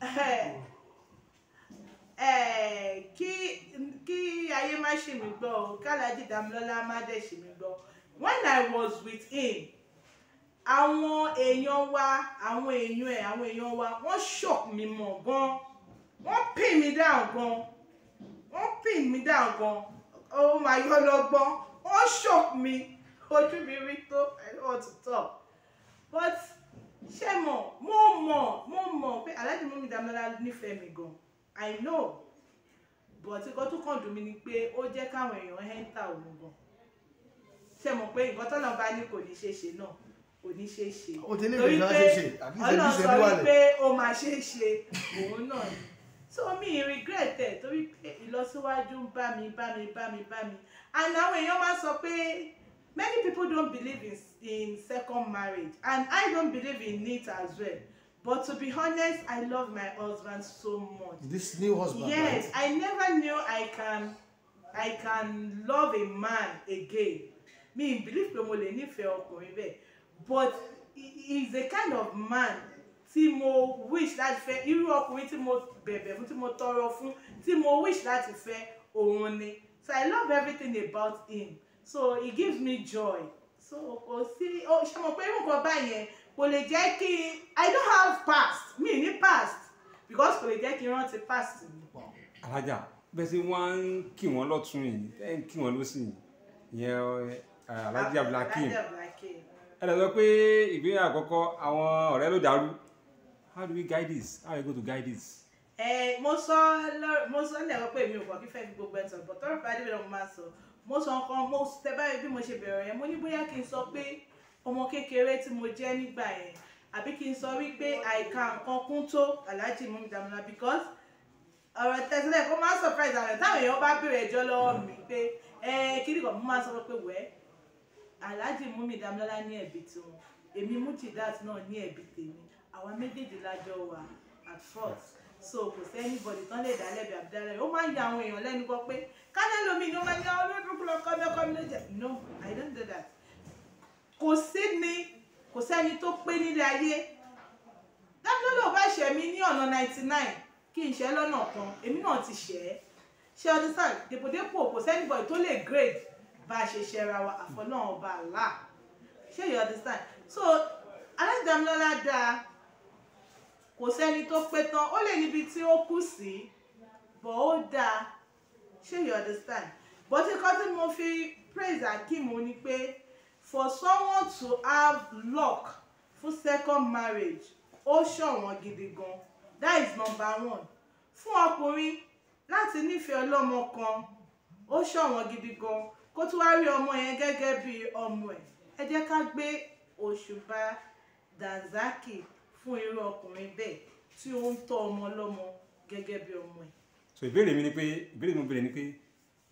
eh, kí kí ayé má ṣe mí gbọ́ o kálájì Dámilọ́lá má dẹ̀ ṣe mí gbọ́ when I was with him àwọn èèyàn wa àwọn èèyàn ẹ̀ àwọn èèyàn wa wọ́n shock mi mọ̀ gan-an wọ́n pin mi down gan wọ́n pin mi down gan oh my god lọ́gbọ́n wọ́n shock me. ojú mi rí tó i don't want to talk but ṣé mọ̀ mo mọ̀ mo mọ̀ pé aláàjì mú mi dámọ́lá nífẹ̀ẹ́ mi gan i know but nǹkan tó kàn dùn mí ni pé ó jẹ́ káwọn èèyàn ẹ́ńtà òun gan ṣé mọ̀ pé nǹkan tọ́nà bá ní kò ní ṣeé ṣe náà kò ní ṣeé ṣe torí pé ọlọ́run sọ wípé ó máa ṣeé ṣe òun náà ni so mi regret ẹ torí pé ìlọsíwájú ń bá mi bá mi bá mi bá mi and àwọn èèyàn máa sọ pé many people don't believe in, in second marriage and I don't believe in it as well but to be honest I love my husband so much. this new husband yes right? I never knew I can I can love a man again Me believe pé mo lè nífẹ̀ẹ́ ọkùnrin bẹ́ẹ̀ but he is a kind of man tí mo wish láti fẹ́ irú ọkùnrin tí mo bẹ̀bẹ̀ fún tí mo tọrọ fún tí mo wish láti fẹ́ òun ni so I love everything about him so he gives me joy so kò sí ó ṣe mọ̀ pé irú nǹkan báyẹn kò lè jẹ́ kí I don't have past Me, ní past because kò lè jẹ́ kí n rántí past mi. alájà bẹ́ẹ̀ sí wọ́n á ń kí wọ́n lọ́tún yìí ẹ̀ ń kí wọ́n lọ́sìn yìí ìyẹn alájà blakim ẹ lọ sọ pé ìgbéyàwó àkọ́kọ́ àwọn ọ̀rẹ́ ló dàrú how do we guide this how are you going to guide this. ẹ mo sọ mo sọ lẹ́wọ́ pé mi ò kàn kí fẹ́ fi gbogbo ẹ̀ sọ̀rọ̀ tọ́rọ̀ fún adébẹ̀rẹ̀ mo máa sọ mo sọ nǹkan mo tẹ báyìí bí mo ṣe bẹ̀rẹ̀ yẹn mo ní bóyá kí n sọ pé ọmọ kékeré tí mo jẹ́ nígbà yẹn àbí kí n sọ wípé àìka nǹkan kún tó aláàjì mú mi dàmúlà because ọ̀rọ̀ tẹ̀sílẹ̀ kó máa ń surprise àwọn táwọn èèyàn bá bèrè ẹjọ́ lọ́wọ́ mi pé ẹ kíni kan mo máa sọ pé wẹ́ aláàjì mú mi dàmúlà ní ẹ̀bí tiwọn èmi mú jìdáàt náà ní ẹ̀bí tèmi àwa méjèèjì lájọ wà at first. so kò sẹ́ni bọ̀dì tán lè dálẹ́bi àbídálẹ́ ó máa ń ya àwọn èèyàn lẹ́nu gbọ́ pé kánẹ́lómi ni ó máa ń ya olódùkú lọ kọ́ mẹ́kọ́ mi no i don't do that kò sí ni kò sẹ́ni tó pé nílé ayé dábìlélò bá ṣẹ̀ mí ní ọ̀nà ninety nine kí n ṣẹ́ lọ́nà kan èmi náà ti ṣẹ́ ṣe ọdún sáà dèpòdépò kò sẹ́ni bọ̀dì tó lè grade bá a ṣe ṣẹra wa àfọlọ́hún ọba àlá ṣé you understand so alájàmílọ́lá dáa kò sẹ́ni tó pé tán ó lè níbi tí ó kù sí bọ̀ ó dáa ṣé you understand but nǹkan tí mo fi praise Akeem ni pé for someone to have luck for second marriage ó ṣọ̀wọ́n gidi gan that is number one fún ọkùnrin láti nífẹ̀ẹ́ ọlọ́mọ kan ó ṣọ̀wọ́n gidi gan kó tún wá rí ọmọ yẹn gẹ́gẹ́ bí ọmọ ẹ̀ ẹ jẹ́ ká gbé òṣùbà Danzaki fún irú ọkùnrin bẹ́ẹ̀ tí ó ń tọ́ ọmọ lọ́mọ gẹ́gẹ́ bí ọmọ ẹ̀. so ìbéèrè mi ni pé ìbéèrè mi bèrè ni pé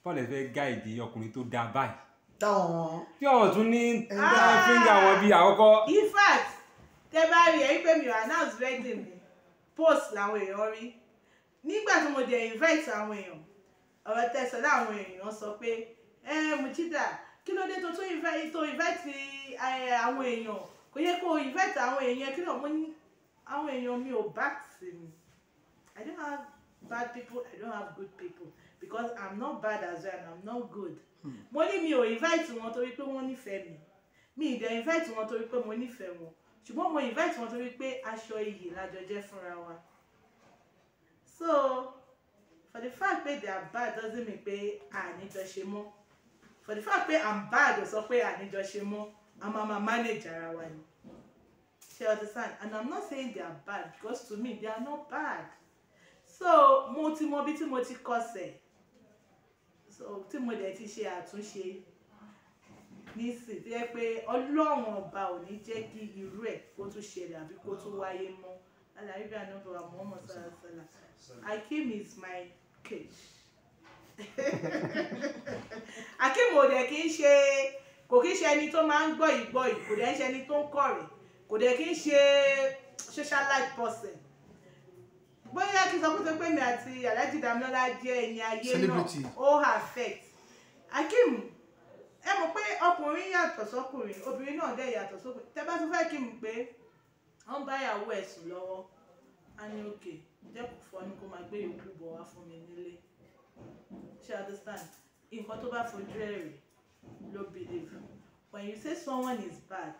paul fẹ́ gáìdì ọkùnrin tó dáa báyìí. táwọn. tí ọ̀hún tún ní ah! fíńgà wọn bíi àkọ́kọ́. in fact tẹ bá rí ẹ̀rí pé mi ò announce wedding mi post làwọn èèyàn rí nígbà tí mo dẹ̀ invite àwọn èèyàn ọ̀rọ̀ tẹ̀sán láwọn èèyàn sọ pé ẹ Muchida kí ló dé tó tó invite eh, àwọn èèyàn kò yẹ kó invite àwọn èèyàn kí ló mú ní àwọn èèyàn mi ò bá sí mi i don't have bad people i don't have good people because i'm not bad as well and i'm not good hmm. mo ní mi ò invite wọn torí pé wọ́n nífẹ̀ẹ́ mi mi ì dẹ̀ invite wọn torí pé mo nífẹ̀ẹ́ wọn ṣùgbọ́n mo invite wọn torí pé aṣọ iyì lájọ jẹ́ fúnra wa so for the fact pé they are bad doesn't mean pé àníjọ ṣe mọ́ for the fact pé i'm bad ò sọ pé àníjọ ṣe mọ́ a máa ma manage ara wa ni. She understand? And I'm not saying they are bad because to me they are not bad. So mo ti mọ bí tí mo ti kọsẹ̀. So tí mo dẹ̀ ti ṣe àtúnṣe nísìn tó yẹ pé ọlọ́run ọba ò ní jẹ́ kí irú ẹ̀ kó tún ṣẹlẹ̀ àbí kó tún wáyé mọ́ aláìbí ànábọ̀ àmọ́mọ́ sàlàsàlà Akeem is my cage Akeem ò dẹ̀ kí ń ṣe kò kí ń ṣe ẹni tó máa ń gbọ́ ìgbọ́ yìí kò dẹ̀ ń ṣe ẹni tó ń kọ̀ rẹ̀ kò dẹ̀ kí n ṣe socialite person bóyá kí n sọ pé pé mi àti alhaji damilola jẹ́ ẹ̀yìn ayé náà ó affect akim ẹ mọ̀ pé ọkùnrin yàtọ̀ sọ́kùnrin obìnrin náà dẹ̀ yàtọ̀ sọ́kùnrin tẹ́ bá tún fẹ́ kí n pé wọ́n bá ìyàwó ẹ̀ sùn lọ́wọ́ á ní òkè jẹ́ kó fọ́ ni kó máa gbé yòókù bọ̀ wá fún mi nílé ṣé understand nǹkan tó bá fojú ẹ̀ rè ló believe when you say someone is bad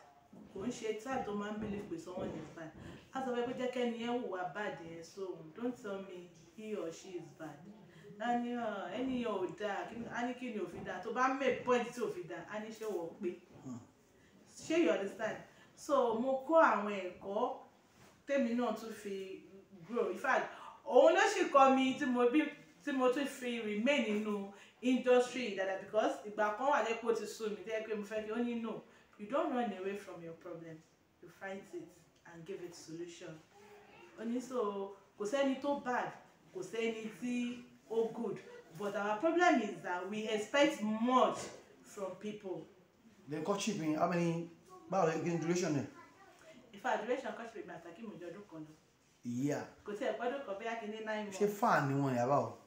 kò ń ṣe type tó máa ń believe pé someone is bad á sọ pé jẹ́ kẹ́ni ẹ̀ hùwà bad yẹn so don't tell me he or she is bad ah, ẹni ẹnìyàn ò dáa á ní kí ni òfin dáa tó bá make point tí òfin dáa á ní ṣé wọ́ pé ṣé you understand so mo kọ́ àwọn ẹ̀kọ́ tèmi náà tún fi grow in fact òun ló sì kọ́ mi tí mo bí tí mo tún fi remain nínú industry dada because ìgbà kan wà lẹ́kọ̀ọ́ ti sú mi tẹ́ pé mo fẹ́ kí ó ní no. You don't run away from your problem. You find it and give it solution. Ó so kò sẹ́ni tó bad kò sẹ́ni tí ó good but our problem is that we expect much from people. Then courtship in how many báwo ni kí ni duration ẹ. In fact duration courtship na àtàkì mi jọdún kan lọ. Ìyá. Kò tí ẹ̀ gbọ́dọ̀ kọ̀ bí a kì í ní nine months. Ṣé fan ni wọ́n yà bá o?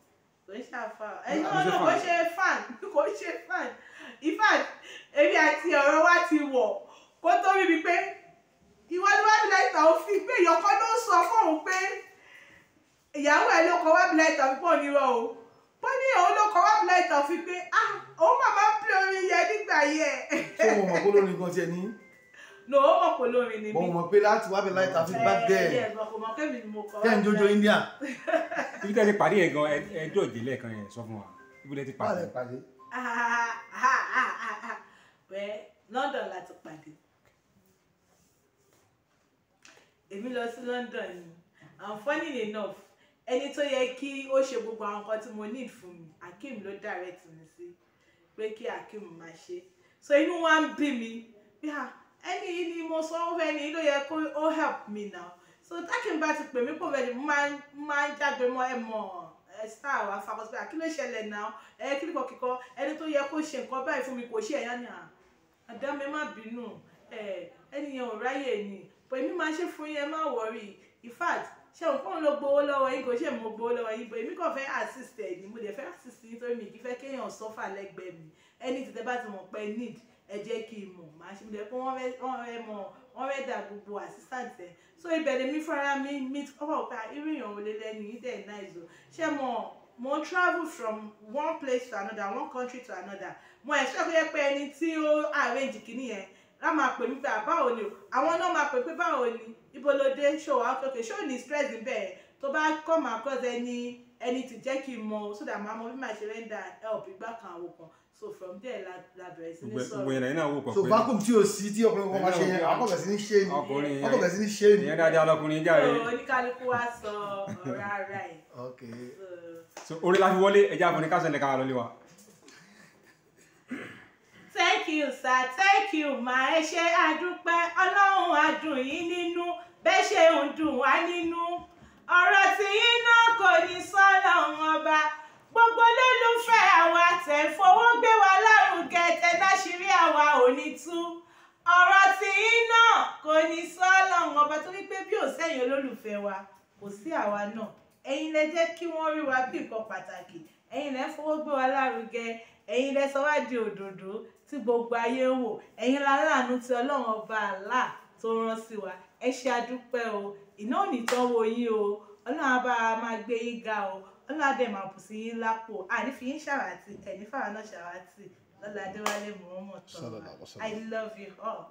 Kò ń ṣàfà. Ẹ̀yin náà ló kò ṣe fan kò ṣe fan. in fact èmi àti ọ̀rọ̀ wa ti wọ̀ kó tó rí mi pé ìwọ ni wá bìlẹ̀ ìtàn òfin pé ìyọkọ ló sọ fóun pé ìyàwó ẹ ló kọ wá bìlẹ̀ ìtàn fún òun nírọ̀ o bó ní òun ló kọ wá bìlẹ̀ ìtàn pé ah òun màmá ń pè orin yẹn nígbà yẹn. ṣé mo mọ̀ kó lórin kan tiẹ̀ ní. no ó mọ̀ kó lórin ni mí. mo mọ̀ pé láti wá bìlẹ̀ ìtàn fún bá dẹ̀. ẹ ẹ mọ̀ kó mi ni mo kọ. tẹ́ ń jojo India. ibi tẹ́ ti pàdé yẹn gan ẹ dọ̀jẹ̀ lẹ́ẹ̀kan yẹn sọ fún wa ibi tẹ́ ti pàdé bẹ́ẹ̀ London láti pàdé èmi lọ sí London ni and funny enough ẹni tó yẹ kí ó ṣe gbogbo àwọn nǹkan tí mo need fún mi Akeem ló direct mi sí pé kí Akeem máa ṣe so inú wa ń bí mi ah, ẹni yìí ni mo sọ ó fẹ́ ni ló yẹ kó help me now so tákìmbá ti pè mí pò bẹ́ẹ̀ ni mo máa ń jágbe mọ́ ẹ mọ́ ọ star wa fakọ sí pé àkí ló ṣẹlẹ̀ náà ẹ kíríkọ kíkọ ẹni tó yẹ kó ṣe nǹkan báyìí fún mi kò ṣe ẹ̀yá ni à àdámẹ́ má bínú ẹnìyẹn ò ráyè ni pé mi máa ṣe fún yẹn má wọ̀rí in fact ṣé òun kóun ló gbowó lọ́wọ́ yín kò ṣe mo gbowó lọ́wọ́ yín bọ̀ èmi kàn fẹ́ assist ẹ̀ ni mo dẹ̀ fẹ́ assist nítorí mi kì fẹ́ kéèyàn sọ́fà lẹ́gbẹ̀ẹ́ mi ẹni tètè bá ti mọ̀ pé need ẹ jẹ́ kí n mọ̀ màá ṣe bẹ́ẹ̀ pé wọ́n fẹ́ mọ̀ wọ́n fẹ́ dà gbogbo assistant ẹ̀ so ibẹ̀ lèmi fúnra mi meet ọ̀pọ̀ pa irú èèyàn olè lẹ́nu yìí dẹ̀ náà ìzò ṣé mo mo travel from one place to another one country to another mo ẹ̀ ṣọ́kọ́ yẹ pé ẹni tí ó arrange kìíní yẹn lá máa pè mí pé àbáwo ah, ni o àwọn náà máa pè pé báwo ni ibo ló dé ṣòwò àkókò ṣòwò ní stress níbẹ̀ tó bá come across ẹni ẹni tí jẹ́ kí n mọ so that màá mọ bí màá ṣe rẹ́ńdà help ìgbà kan àwọn kan so from there la la bẹ̀rẹ̀ sí ní sọ̀rọ̀. gbogbo ìrìn náà wò kàn pé so vacuum tí o sí tí ọkùnrin kan máa ṣe yẹn akọ sí ní ṣe ni akọ sí ní ṣe ni. ìyẹn dáadáa lọkùnrin jáde. oníkálukú wa sọ ọ̀rọ̀ ara ẹ̀. ok so orí la fi wọlé ẹja àbúrò ká sẹ́ni kára lọ́lé wa. thank you sir thank you ma ẹ ṣe àdúpẹ́ ọlọ́run adùn yín nínú bẹ́ẹ̀ ṣe ń dùn wá nínú ọ̀rọ̀ tí yín náà kò ní sọ́nà wọn bá gbogbo olólùfẹ́ àwa tẹ̀ fowó gbé wa lárugẹ tẹ dáṣírí àwa ò ní tú ọ̀rọ̀ tí yín náà kò ní sọ́nà wọn bá torí pé bí ò sẹ́yìn olólùfẹ́ wa kò sí àwa náà ẹ̀yin lẹ jẹ́ kí wọ́n rí wa bí nǹkan pàtàkì ẹ̀yin lẹ fowó gbé wa lárugẹ ẹ̀yin lẹ sọ wá di òdòdó tí gbogbo ayé ń wò ẹ̀yin láláàánú tí ọlọ́run ọba àlá tó rán sí wa ẹ ṣe àdúpẹ́ o iná ò ní tọ́wọ́ yín o ọlọ́run á máa gbé yín ga o ọlọ́run á máa bù sí yín lápò àní fi yín ṣàwátì ẹ̀ní fáwọn náà ṣàwátì lọ́la adéwálé mọ̀ọ́mọ̀ tọ́ I love you all.